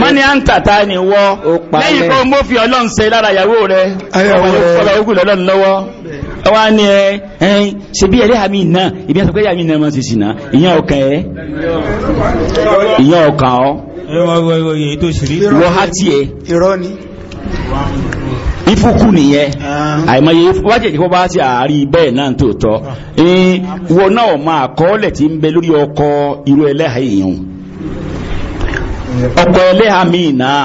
S1: mọ́ni à ń tàta ni wọ́ lẹ́yìn kó mọ́ fi ọlọ́run ṣe lára ìyàwó rẹ̀ ọ̀rọ̀ ogun lọ́lọ́run lọ́wọ́ ọwá ní ẹ ẹ̀yìn ṣe bí ẹ̀rẹ́ àmì náà ibi ẹ̀sọ̀ pé àmì náà mọ́ sí sí náà ìyẹn ọkàn ẹ̀ ìyẹn ọkàn ọ́ wọ́n há tiẹ̀ ìfúkú nìyẹn ah. àìmọye wájẹ̀ ìjọba bá ti àárí bẹ́ẹ̀ náà tó tọ́ wọn náà máa kọ́ọ́lẹ̀ tí ń bẹ lórí ọkọ̀ irú ẹlẹ́hà èèyàn ọkọ̀ ẹlẹ́hà míì náà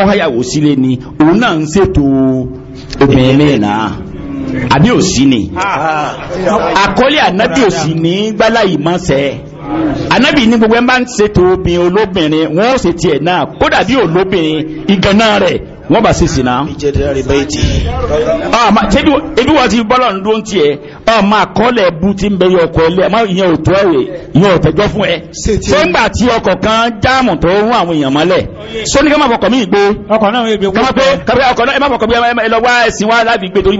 S1: ọ̀háyàwó sílé ni òun náà ń ṣètò obìnrin náà àbí òsì ni àkọ́lé ànábì òsì ní gbálà ìmọ̀sẹ̀ ànábì ní gbogbo ẹ̀ máa ń ṣètò obìnrin olóbìnrin wọn ò ṣètì náà wọ́n bá sì sí náà. Ah, ebi wọ́n ti bọ́lọ̀ ń dún tiẹ̀ ọ ah, máa kọ́lẹ̀ bú ti ń bẹ yọ ọkọ̀ ẹlẹ́ máa yẹn ò tó ẹ̀rẹ̀ yẹn ò fún ẹ. tí ọkọ̀ kan jáàmù tó ń àwọn èèyàn mọ́lẹ̀ máa mí gbé. ọkọ̀ náà ọkọ̀ náà ẹ máa bí ẹ lọ wá wá láti gbé torí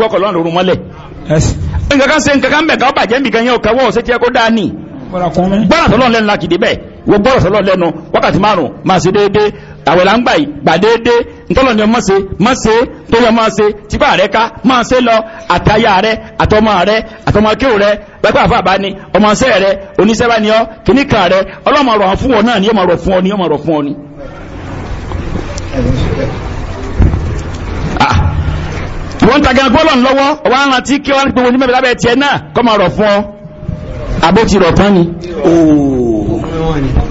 S1: gbọ́dọ̀ Awela là ń gbà yìí gbà déédéé ntọ́lọ̀ ni ọmọ ṣe mọ́ ṣe tó yẹ mọ́ tipa rẹ ká lọ àtàyà rẹ àtọmọ rẹ àtọmọ akéwò rẹ bẹ́ẹ̀ àfa àbá ni ọmọ ṣe rẹ oníṣẹ́ ni ọ kìíní kan rẹ ọlọ́mọ rọ̀ fún ọ náà ni ọmọ rọ̀ fún ọ ni ọmọ rọ̀ fún ọ ni. Ah, wọ́n ta gan gbọ́lọ̀ lọ́wọ́ ọwọ́ kí wọ́n gbogbo onímọ̀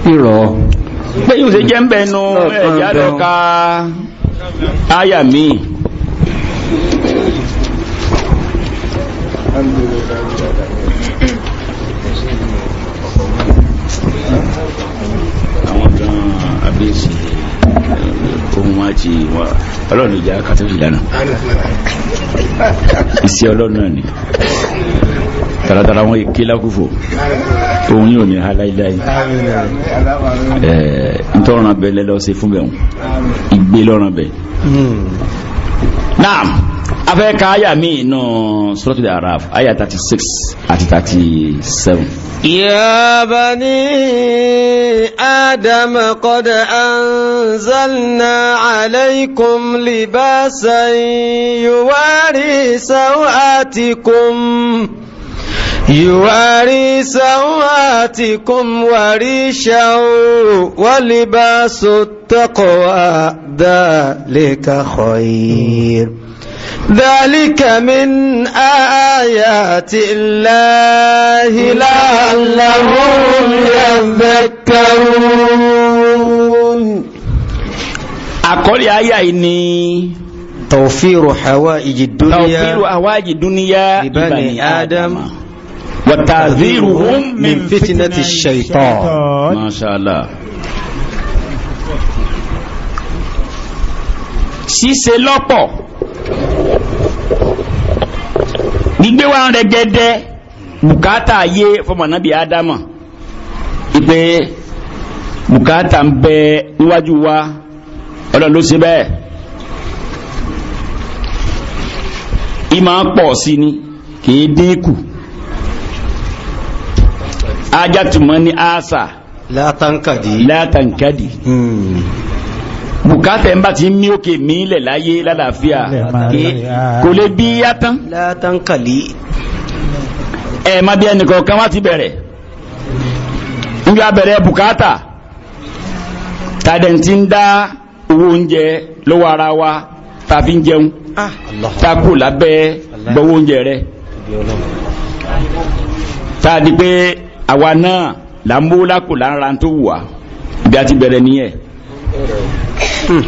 S1: tiẹ̀ pé yóò ṣe jẹ́ ń bẹnu ẹ̀yà rẹ̀ ká àyà mi. àwọn kan abẹ́sì eh, ohun wa ti wà ọlọ́run ìjà kàtó ìlànà iṣẹ́ ọlọ́run náà ni taratara wọn kílákùfò òun yóò ní aláìláì ẹ̀ẹ́ eh, ntọ́ràn bẹ lẹ́lọ́ sí fún bẹ̀rún ìgbé lọ́ràn bẹ̀ naam afẹ́ ka aya mi nù suratul araf aya thirty six ati thirty seven.
S2: يا بني آدم قد أنزلنا عليكم لباسا يواري atikum. يواري سواتكم وريشا ولباس التقوى ذلك خير ذلك من آيات الله لعلهم
S1: يذكرون أقول يا يا توفير حوائج الدنيا توفير حوائج الدنيا لبني آدم, آدم. وتعذيرهم من فتنة الشيطان ما شاء الله ṣíṣe lọ́pọ̀ gbígbé wa rẹ̀gẹ̀dẹ̀ bùkátà ayé fọmọ náà bí ádámà ìpè bùkátà ń bẹ níwájú wa ọlọ́run ló ṣe bẹ́ẹ̀ ìmọ̀ pọ̀ sí ni kì í dín ajatuma ni asa látànkàdì látànkàdì hmm. bùkátà ẹ̀ ń bá ti mí òkè mí lẹ̀ láyé lálàáfíà ah. kò lè bí yátán látànkàdì ẹ̀ má bí ẹnìkan kan wá ti bẹ̀rẹ̀ nígbà bẹ̀rẹ̀ bùkátà tàdẹ̀ ti ń dá owó oúnjẹ lọ́wọ́ ara wa tàfi ń jẹun ah. takò lábẹ́ gbọ́wọ́ oúnjẹ rẹ̀ tàdí pé àwa náà là ń bówó lápò là ń ra tó wù bí a ti bẹ̀rẹ̀ nìyẹn. Hmm.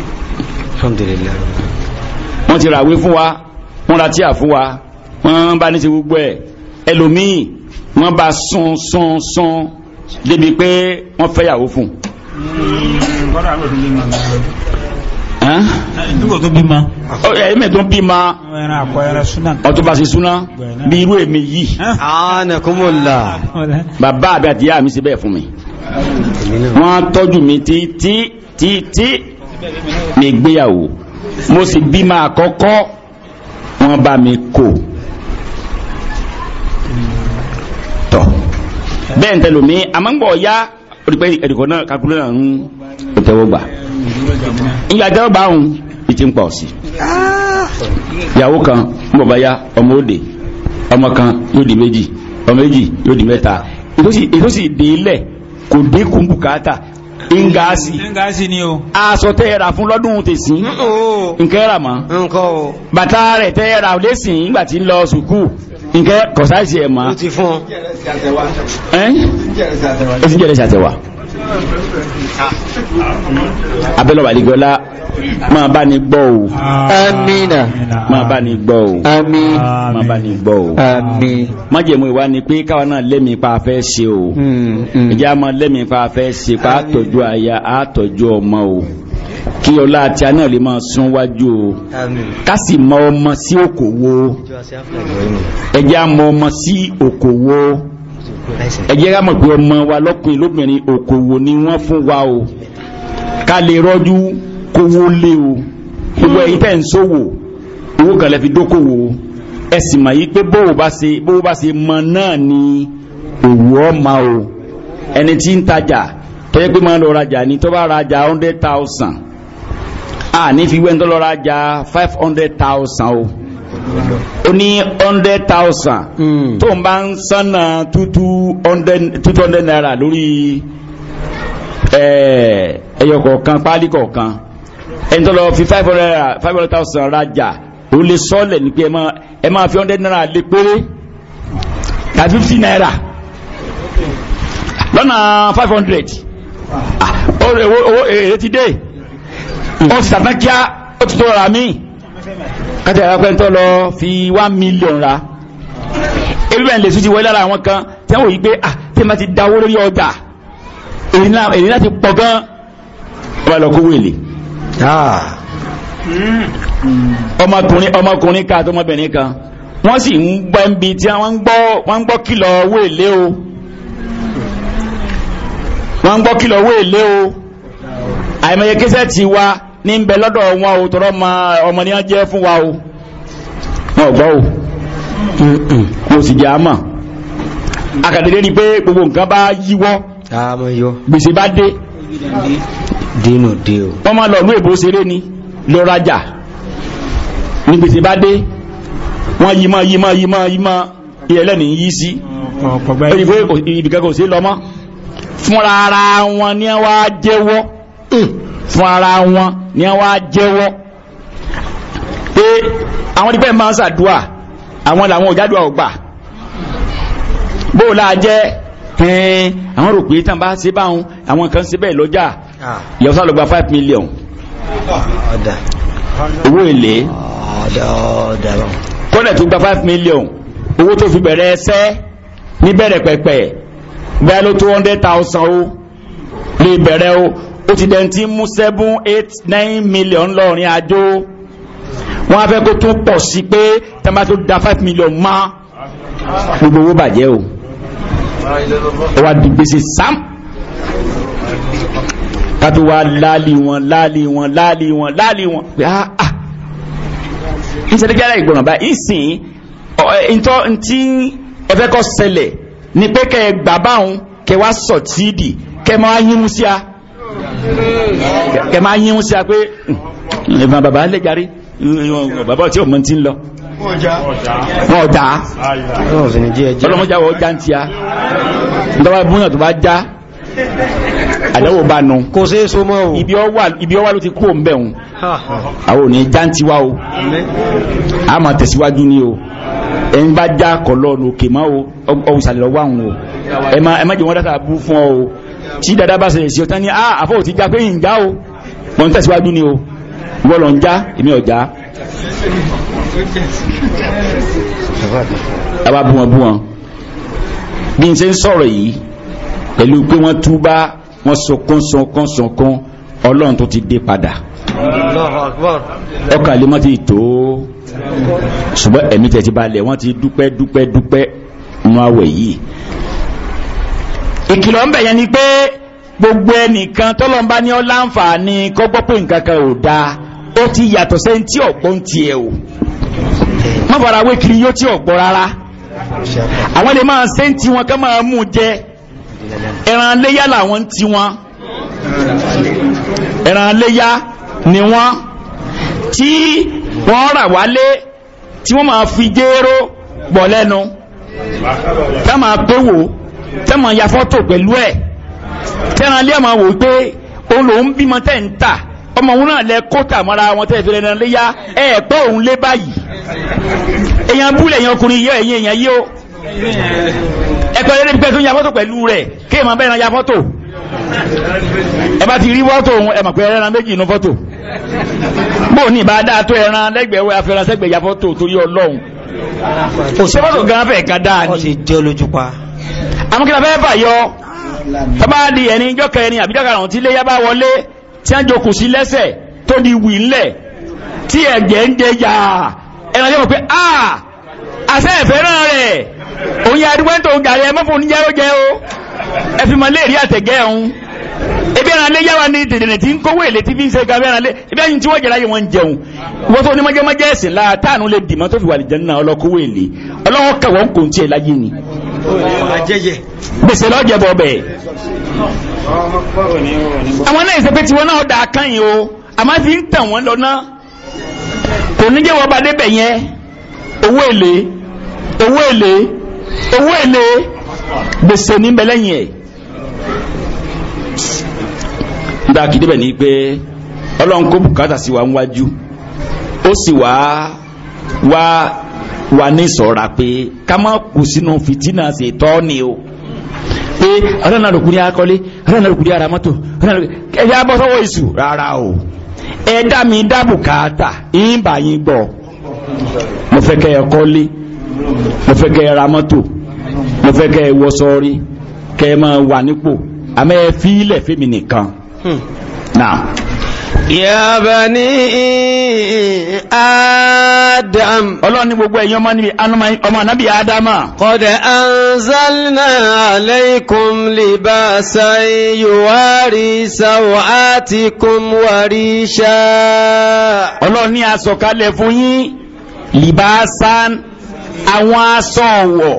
S1: wọ́n ti ra àwé fún wa wọ́n ra tíà fún wa wọ́n bá ní ti gbogbo ẹ̀ ẹlòmíì wọ́n bá sún sún sún débi pé wọ́n fẹ́ fún ẹ̀mẹ̀ tó bí ma ọ̀tọ́ bá sí súná bí irú èmi yìí ánàkúnmọ̀lá bàbá àbí àti yá mi sí bẹ́ẹ̀ fún mi wọ́n tọ́jú mi tí tí tí tí mi gbéyàwó mo sì bí ma àkọ́kọ́ wọ́n bá mi kò tọ̀ bẹ́ẹ̀ ń tẹ́lò mi àmọ́ ń gbọ̀ ya ẹ̀dùkọ̀ náà kakulẹ̀ náà ń ìtẹ́wọ́gbà ìgbà ìtẹ́wọ́gbà ọ̀hún ìtì ń pọ̀ sí ìyàwó kan bọ̀bá ya ọmọ òde ọmọ kan yóò di méjì ọmọ méjì yóò di mẹ́ta ìtòsí dé ilẹ̀ kò dé kún bùkátà ingasi ingasi ni o aṣọ tẹ́ẹ̀rà fún lọ́dún tèsí nkẹ́ra mọ́ bàtà rẹ̀ tẹ́ẹ̀rà lẹ́sìn ìgbà tí ń lọ sùkú nkẹ́ kọ̀sáìsì ẹ̀ mọ́ ó ti fún ọ ẹ́ ó ti jẹ́rẹ̀ sí àtẹ̀wà abẹ́lọ́wà àdìgbọ́lá máa bá ní gbọ́ o amina máa bá ní gbọ́ o àmín máa bá ní gbọ́ o àmín májèmú ìwá ni pé káwa náà lẹ́mí pa afẹ́ ṣe o hmm, hmm. ìjà máa lẹ́mí pa afẹ́ ṣe pa àtọ́jú aya àtọ́jú ọmọ o kí ọlá àti aná lè máa sún wájú o ká sì mọ ọmọ sí òkòwò ẹjẹ́ á mọ ọmọ sí òkòwò ẹ jẹ́ ká mọ̀ pé ọmọ wa lọ́kùnrin lóbìnrin òkòwò ni wọ́n fún wa o ká lè rọ́jú kówó lé o gbogbo ẹ̀yin tẹ́ ń ṣòwò owó kan lè fi dókòwò ẹ sì mọ̀ yí pé bówó bá ṣe bówó bá ṣe mọ náà ni òwò ọmọ o ẹni tí ń tajà tọ́jú pé máa ń lọ rajà ní tó bá rajà hundred thousand a ní fi wẹ́ńtọ́ lọ rajà five hundred thousand o ó ní hundred thousand hmm. tó ń bá ń sánà two hundred naira lórí ẹyọ kọ̀ọ̀kan páálí kọ̀ọ̀kan ẹni tó lọ fi five hundred thousand rajà ó lè sọ́ọ̀lẹ̀ ní pé ẹ máa fi hundred naira lé péré tàbí fifty naira lọ́nà five hundred owó ah, èrè ti dé hmm. ó sì tàbí kíá ó ti tó ra míì káti ara pẹ́ tọ́ lọ fi one million ra ebi bẹ́ẹ̀ lè sùn ti wọlé lára àwọn kan tí wọ́n yí pé ah tí wọ́n ti dáwó lórí ọjà èyí náà ti pọ̀ gan ọba lọ kó wèlé ah. ọmọkùnrin ọmọkùnrin kan àti ọmọbìnrin kan wọ́n sì ń gbọ́ ẹ̀mbi tí wọ́n ń gbọ́ wọ́n ń gbọ́ o wọ́n ń gbọ́ kìlọ̀ wèlé o àìmọye kẹsẹ̀ ti wa ní bẹ lọ́dọ̀ wọn o tọrọ ma ọmọ ní jẹ́ fún wa o wọn gbọ́ o mo sì jẹ́ àmà akàdédé ni pé gbogbo nǹkan bá yíwọ́ gbèsè bá dé wọ́n máa lọ lú èbó seré ni lọ rajà ní gbèsè bá dé wọ́n yí mọ́ yí mọ́ yí mọ́ yí mọ́ ìyẹlẹ́ ní yí sí èyí fún ibìkan kò sí lọ mọ́ fúnra ara wọn ni wọ́n á jẹ́wọ́ mm fún ara wọn ní wọ́n á jẹ́wọ́ pé àwọn dípẹ́ máa ń ṣàdúà àwọn làwọn ò jádùà ò gbà bó la jẹ́ ẹ̀ẹ́n àwọn rò pé tàn bá ṣe báwọn àwọn kan ṣe bẹ́ẹ̀ lọ́jà ìyàwó ah. sálọ gba five million owó èlé kọ́lẹ̀ tó gba five million owó tó fi bẹ̀rẹ̀ ẹsẹ́ níbẹ̀rẹ̀ pẹ̀pẹ̀ bẹ́ẹ̀ ló tó one hundred thousand ó lè bẹ̀rẹ̀ ó ó ti dẹ̀ntí mú seven eight nine million lọ́rin àjò wọ́n á fẹ́ kó tún pọ̀ sí pé tẹ́mbà tó da five million mọ́ gbogbo owó bàjẹ́ o ó wá di gbèsè sam kátó wá láàlì wọn láàlì wọn láàlì wọn láàlì wọn pé ah ah ìṣẹ́dẹ́gbẹ́rẹ́ ìgbọ̀nà báyìí ìsìn ntọ́ ntí ẹ̀fẹ́ kọ́ ṣẹlẹ̀ ni pé kẹ́ ẹ gbà báwọn kẹ́ wá sọ̀tíìdì kẹ́ máa yín mú sí kẹ máa yín sí a pé ìbọn hmm, bàbá lè jarí bàbá tí o mọ̀ ti ń lọ wọ́n ọjà ọlọ́mọjà wọ́n já ń tíya ntọ́wà búyàn tó bá já àdáwò bá nu kò sí èso mọ́ o ibi ọwà ló ti kúrò ń òun àwọn òní já ń tiwa o a máa tẹ̀síwájú ni o ẹ ń bá já kọ̀ lọ́ọ̀nù òkè o ọ̀hún ìsàlẹ̀ lọ́wọ́ àwọn o ẹ má jẹ́ wọ́n dáta bú fún ọ o tí dada bá ṣẹlẹ̀ sí ọ tán ní ah, àfọ́ òtí já pé ń já o wọ́n tẹ̀síwájú ni o wọ́n lọ ń já èmi ò já. àwa bú wọn bú wọn bí n ṣe ń sọ̀rọ̀ yìí pẹ̀lú pé wọ́n túbá wọ́n sọkún sọkún sọkún ọlọ́run tó ti dé padà ọkọ̀ àlemọ́ ti tó ṣùgbọ́n ẹ̀mí tẹ̀ ti balẹ̀ wọ́n ti dúpẹ́ dúpẹ́ dúpẹ́ nù àwẹ̀ yìí ìkìlọ̀ ń bẹ̀ yẹn ni pé gbogbo ẹnìkan tọ́lọ́mbá ní ọ́láǹfààní kọ́gbọ́ pé nǹkan kan ò dáa ó ti yàtọ̀ sẹ́yìn tí ọ̀gbọ́n tiẹ̀ o má fara wé kiri yóò tí ọ̀gbọ́n rárá àwọn lè máa ṣe ń ti wọn ká máa mú jẹ ẹran léyà làwọn ti wọn ẹran léyà ni wọn tí wọn rà wálé tí wọn máa fi jéró bọ̀ lẹ́nu ká máa pé wò ó tẹ́mọ̀ ya fọ́tò pẹ̀lú ẹ̀ tẹ́ran lé ọmọ wò pé òun lòún bímọ tẹ́ ń tà ọmọ òun náà lẹ kóta mọ́ra wọn tẹ́ ìfẹ́lẹ́ náà léyà ẹ̀ pé òun lé báyìí èèyàn búlẹ̀ èèyàn ọkùnrin yọ ẹ̀yìn èèyàn yíó ẹ̀pẹ́ lẹ́nu pẹ́ tó ń ya fọ́tò pẹ̀lú rẹ̀ kí èèyàn bẹ́ẹ̀ na ya fọ́tò ẹ bá ti rí fọ́tò òun ẹ̀ mọ̀ pé ẹran méjì inú fọ́tò bó ní ìbá dáa tó ẹran lẹ́gbẹ̀ẹ́ wẹ́ afẹ́ràn ya fọ́tò torí ọlọ́run òṣèfọ́tò gan fẹ́ ká dáa ni. wọ́n ti jẹ́ olójúpa amúkìlá fẹ́ fàyọ tọ́ba di ẹni jọ́kẹ́ ẹni àbíjọ́kẹ́ àrùn tí léyà bá wọlé tí wọ́n jokùn sí lẹ́sẹ̀ tó di wì ńlẹ̀ tí ẹ̀jẹ̀ ń jẹ yà ẹ̀rọ yóò pé a àṣẹ ìfẹ́ràn rẹ̀ òun yà adúgbò tó ń mọ́fún oníjẹ́ ó jẹ́ o ẹ fi mọ léèrí àtẹ̀gẹ́ ọ̀hún ebi ẹran lé yára ni dèdèrè tí ń kówó èlé tí fi ń ṣe ga ebi ẹran lé ebi ẹyin tí wọ́n jẹ láyé wọ́n ń jẹun wọ́n tó ní mọ́jẹ́mọ́jẹ́ ẹ̀sìn láàtàánú lè dìmọ́ tó fi wà lìjẹ́ náà ọlọ́kówó èlé ọlọ́wọ́ kẹwọ́ kò ń tiẹ̀ láyé ni gbèsè lọ́jẹ̀bọ̀ bẹ̀ àwọn náà ìsẹ́pẹ́ tí wọ́n náà dà káyìn o àmá fi ń tàn wọ́n lọ́nà kò ní jẹ́ wọ́n bá débẹ̀ yẹn owó èlé owó èlé owó èlé gbèsè ní bẹ́lẹ́yìn ẹ̀ nígbà kìdíbẹ̀ ni pé ọlọ́run kó bùkátà sí wa ń wájú ó sì wá wá wa ni sọ̀ra pé ká má kù sínú fìtínà ni o pe ọlọ́nà na akọ́lé ọlọ́nà lòkùnrin ara mọ́tò ẹ̀yà bọ́ sọ́wọ́ ìṣù rárá o ẹ dá mi dábò káàtà ń bà yín gbọ́ mo fẹ́ kẹ́ ẹ kọ́lé mo fẹ́ kẹ́ ẹ ra fi mi nikan. Hmm. Na. Ya bani Adam. Ọlọ́run ní gbogbo ẹ̀yin ọmọ ànábì Adama. Qad anzalna alaykum libasan yuwari sawatikum warisha. Ọlọ́run ní a sọ̀kalẹ̀ fún yín libasan àwọn aṣọ ọ̀wọ̀.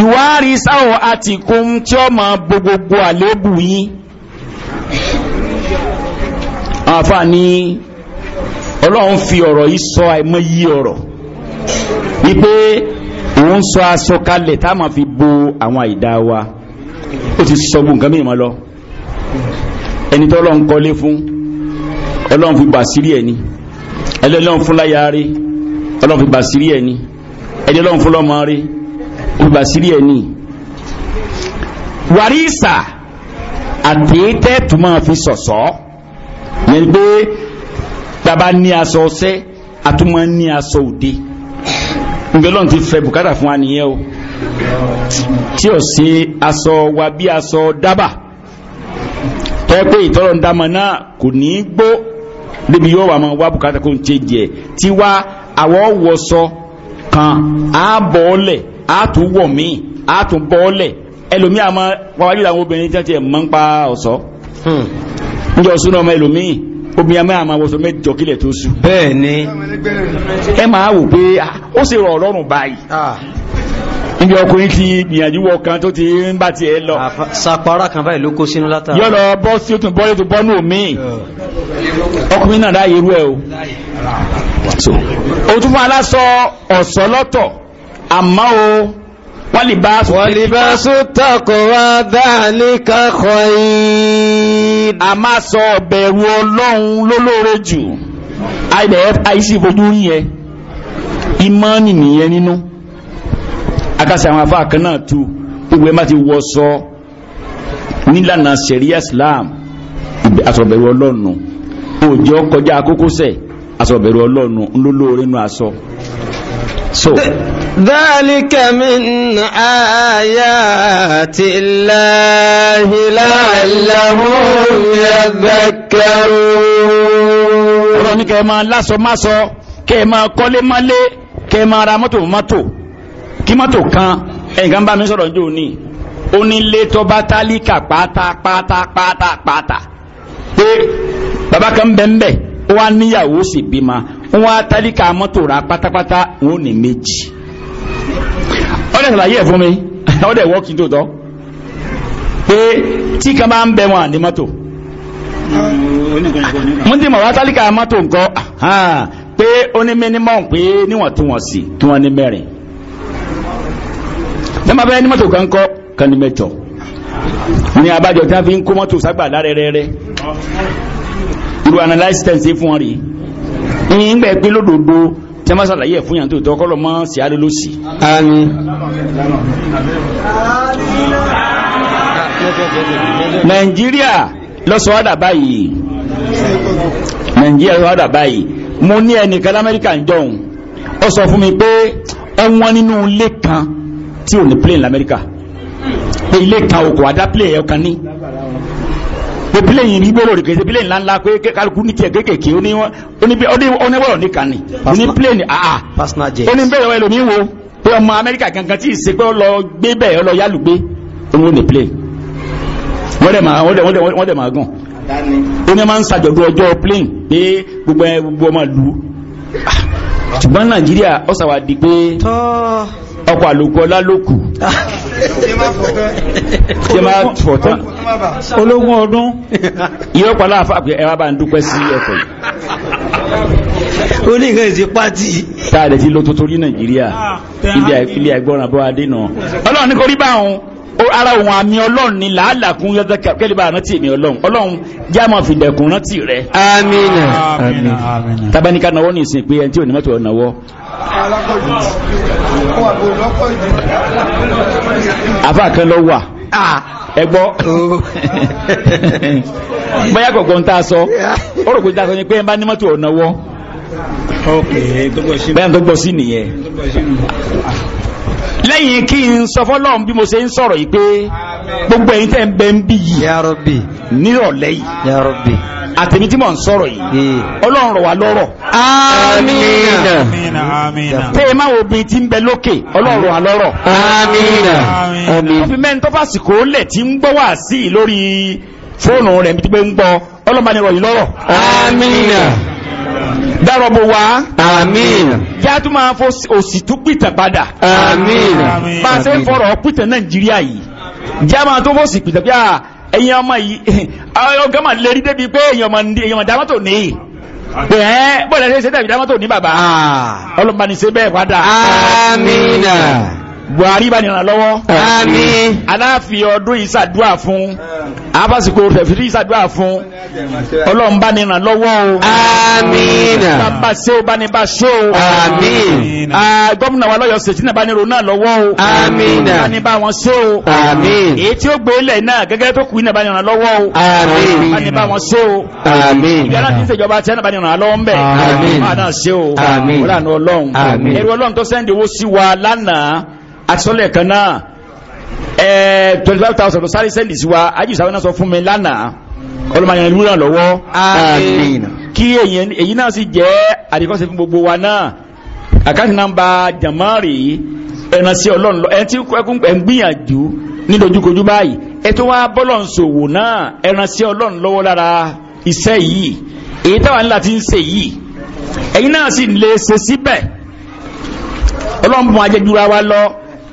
S1: Yuwari sawatikum tí ó máa bo gbogbo àléébù yín àfa ní ọlọ́run fi ọ̀rọ̀ yìí sọ àìmọye ọ̀rọ̀ wípé òun sọ aṣọ kalẹ̀ tá a máa fi bo àwọn àìdá wa ó ti sọ gbogbo nǹkan mìíràn lọ ẹni tó ọlọ́run kọ́lé fún ọlọ́run fi bàṣírí ẹni ẹni ọlọ́run fún láyà rí ọlọ́run fi bàṣírí ẹni ẹni ọlọ́run fún lọ́mọ rí fi bàṣírí ẹni wàrísà àti tẹ́tù máa fi sọ̀sọ́. So -so yẹn pé taba ní aṣọ ọsẹ àtúmọ̀ ní aṣọ òde nbẹ lọ́n ti fẹ́ bùkátà fún wa nìyẹn o tí o ṣe aṣọ wa bí aṣọ dábà tọ́ pé ìtọ́rọ̀ ń dámọ̀ náà kò ní í gbó débi yóò wà máa wá bùkátà kó n ṣe jẹ tí wá àwọ̀ kan á bọ̀ ọ́lẹ̀ á tún wọ̀ mí á tún bọ̀ ọ́lẹ̀ ẹlòmíà máa wáwájú obìnrin tí wọ́n ti ẹ̀ mọ́ pa ọ̀sọ́. Hmm. njọ súnà ọmọ ẹlòmíì obìnrin àmọ́ àmọ́ àwọn ọ̀sọ̀mẹ́ jọkílẹ̀ tó su. bẹẹni ẹ máa wò pé ah, ó sì rọ̀ ọlọ́run báyìí ah. níbi ọkùnrin ti gbìyànjú wọ kan tó ti ń bá lọ. kan báyìí ló kó sínú látara. sí tún yóò tún o. fún aláṣọ ọ̀sọ́ lọ́tọ̀ o. wálìbáṣù wálìbáṣù taqwa dhalika khayr a máa sọ ọ̀bẹ̀rù ọlọ́run lólóore jù àìsí ìfojú yẹn ìmánì nìyẹn nínú akásí àwọn afá kan náà tu gbogbo ẹ má ti wọ sọ nílànà sẹ̀ríà Islam àsọ̀bẹ̀rù ọlọ́run òjò kọjá kókósẹ̀ àsọ̀bẹ̀rù ọlọ́run lólóore nù asọ so ذلك من آيات الله لعلهم يذكرون ọ̀rọ̀ ní kẹ́ máa lásọ máa sọ kẹ́ máa kọ́lé mọ́lé kẹ́ máa ra mọ́tò mọ́tò kí mọ́tò kan ẹ̀yìnkan bá mi sọ̀rọ̀ jò ní onílé tó bá tálíkà pátápátápátápátá pé bàbá kan bẹ́ẹ̀ wọ́n á níyàwó sì bímọ wọ́n á tálíkà mọ́tò ra pátápátá wọn ò ní méjì kálẹ̀ láyé ẹ̀ fún mi ó dẹ̀ wọ́ọ̀kì tó tọ́ pé tí kan bá ń bẹ wọn ní mọ́tò mo ti mọ̀ wá tálíkà mọ́tò nǹkan pé ó ní mínímọ̀ pé níwọ̀ntúnwọ̀nsì kí wọ́n ní mẹ́rin tẹ́mà bẹ́ẹ̀ ní mọ́tò kan kọ́ kan ní mẹ́jọ ní abájọ tí wọ́n fi ń kó mọ́tò ságbà lárẹ́rẹ́rẹ́ irú analysis tẹ̀sí fún wọn rí ìyìn gbẹ̀ pé lódodo tí wọ́n sàlàyé ẹ̀ fún yàn tó tọ́ kọ́lọ̀ mọ́ sí alẹ́ ló sì. àmín. nàìjíríà lọ́sọ̀ọ́dà báyìí nàìjíríà lọ́sọ̀ọ́dà báyìí mo ní ẹnìkan lamẹ́ríkà ń jọ̀hún ó sọ fún mi pé ẹ̀wọ̀n nínú ilé kan tí ò ní plane lamẹ́ríkà pé ilé kan ò adá plane ẹ̀ kan ní pé pílẹ̀yìn ní gbòòrò kèsè pílẹ̀yìn ńláńlá pé kálukú ní tiẹ̀ kéékèèké oníwọ̀rọ̀ nìkan ni ní pílẹ̀yìn àà oníbẹ̀rẹ̀ wẹ̀ lómi wo pé ọmọ Amẹ́ríkà kankan tí ì ṣe pé ó lọ gbé bẹ́ẹ̀ ó lọ yálùgbé òun ní pílẹ̀yìn wọ́n dẹ̀ máa wọ́n dẹ̀ máa gàn ó ní máa ń ṣàjọ̀dún ọjọ́ plane pé gbogbo ẹ gbogbo ọmọ lu ah, ṣùgbọ́n Nàìjíríà ọ̀sà wa di pé. tọ́ọ̀ ọkọ̀ àlòkù ọlá lókù tí ma fọ̀tán ológun ọdún yíò pàlá àfàpẹ́ ẹwà bá ń dúpẹ́ sí ẹ̀kọ́ ó ní nǹkan ìsí pàtì táàdẹ̀ tí lọ tó torí nàìjíríà ah, ilé àgbọ́ràn bọ́ adé náà ọlọ́run ní kò rí báhùn ara òun àmì ọlọ́run ni làálàkún yọ́dọ̀ kẹ́lẹ́bà rántí èmi ọlọ́run ọlọ́run já máa fi rántí rẹ̀. amina amina tabanika nawọ́ ní ìsìn pé ẹni tí ò ní mọ́tò ọ̀ kan lọ wà ẹ gbọ́ bóyá gbọ̀ngàn tá a sọ ó rò pé tá sọ ni pé ẹ bá ní mọ́tò ọ̀ nawọ́ bẹ́ẹ̀ tó sí nìyẹn lẹ́yìn kí n sọ fọ́lọ́run bí mo ṣe ń sọ̀rọ̀ yìí gbogbo ẹ̀yin tẹ́ ń bẹ ń bí yìí Ya Rabbi nírọ̀lẹ́ yìí Ya Rabbi àtẹ̀mí tí mò ń sọ̀rọ̀ yìí ọlọ́run rọ̀ wá lọ́rọ̀ amínà tẹ́ ẹ máa wo obìnrin tí ń bẹ lókè ọlọ́run rọ̀ wá lọ́rọ̀ amínà tó fi mẹ́rin tó fàsìkò lẹ̀ tí ń gbọ́ wá sí lórí fóònù rẹ̀ bí ti pé ń gbọ́ ọlọ́mọdé rọ̀ yìí lọ́rọ̀ dárọ̀ wa, wá. àmín. yá tún máa fọ òsì tún pìtàn padà. àmín. bá a ṣe ń fọ̀rọ̀ pìtàn nàìjíríà yìí já máa tó fòsì pìtàn pé ẹ̀yin ọmọ yìí ọgá máa lérí débi pé èèyàn ọ̀dà mọ́tò ní bẹ́ẹ̀ bọ́ọ̀lù ẹ̀ṣẹ̀ ṣe tẹ̀bí dámọ́tò ní bàbá ọlọ́mọbanisẹ́ bẹ́ẹ̀ padà. àmín buhari bá nìyàn lọ́wọ́ àmín aláàfi ọdún ìsàdúà fún abásìkò tẹ̀fìrí ìsàdúà fún ọlọ́run bá nìyàn lọ́wọ́ o àmín bá ṣe ó bá ní bá ṣe ó àmín gómìnà wa lọ́yọ̀ sèjìnà bá ní ro náà lọ́wọ́ o àmín bá ní bá wọn ṣe ó àmín èyí tí ó gbé lẹ̀ náà gẹ́gẹ́ tó kù iná bá nìyàn lọ́wọ́ o àmín bá ní bá wọn ṣe ó àmín ibi aláàtí ìṣèjọba tí bá nìyàn lọ́wọ́ ń bẹ̀ bá náà ṣe ó àmín àtisọ́lẹ̀ kan náà ẹ̀ẹ́ twenty five thousand lọ sáré sẹ́ndì sí wa ajísàwọn náà sọ fún mi lánàá ọlọ́mọdé ìlú náà lọ́wọ́ àmín kí èyí náà sì jẹ́ àdìkọ́sí fún gbogbo wa náà àkáǹtì nọ́mbà jamari ẹ̀nà sí ọlọ́run lọ ẹ̀ntì ẹkún ẹ̀ ń gbìyànjú ní dojúkojú báyìí ẹ̀ tó wá bọ́lọ̀ ń ṣòwò náà ẹ̀nà sí ọlọ́run lọ́wọ́ lára iṣẹ́ yìí èyí táwa ńlá ti ń ṣe yìí ẹ̀yin náà sì lè ṣe síbẹ̀ ọlọ́run bùn ajẹ́júra wa lọ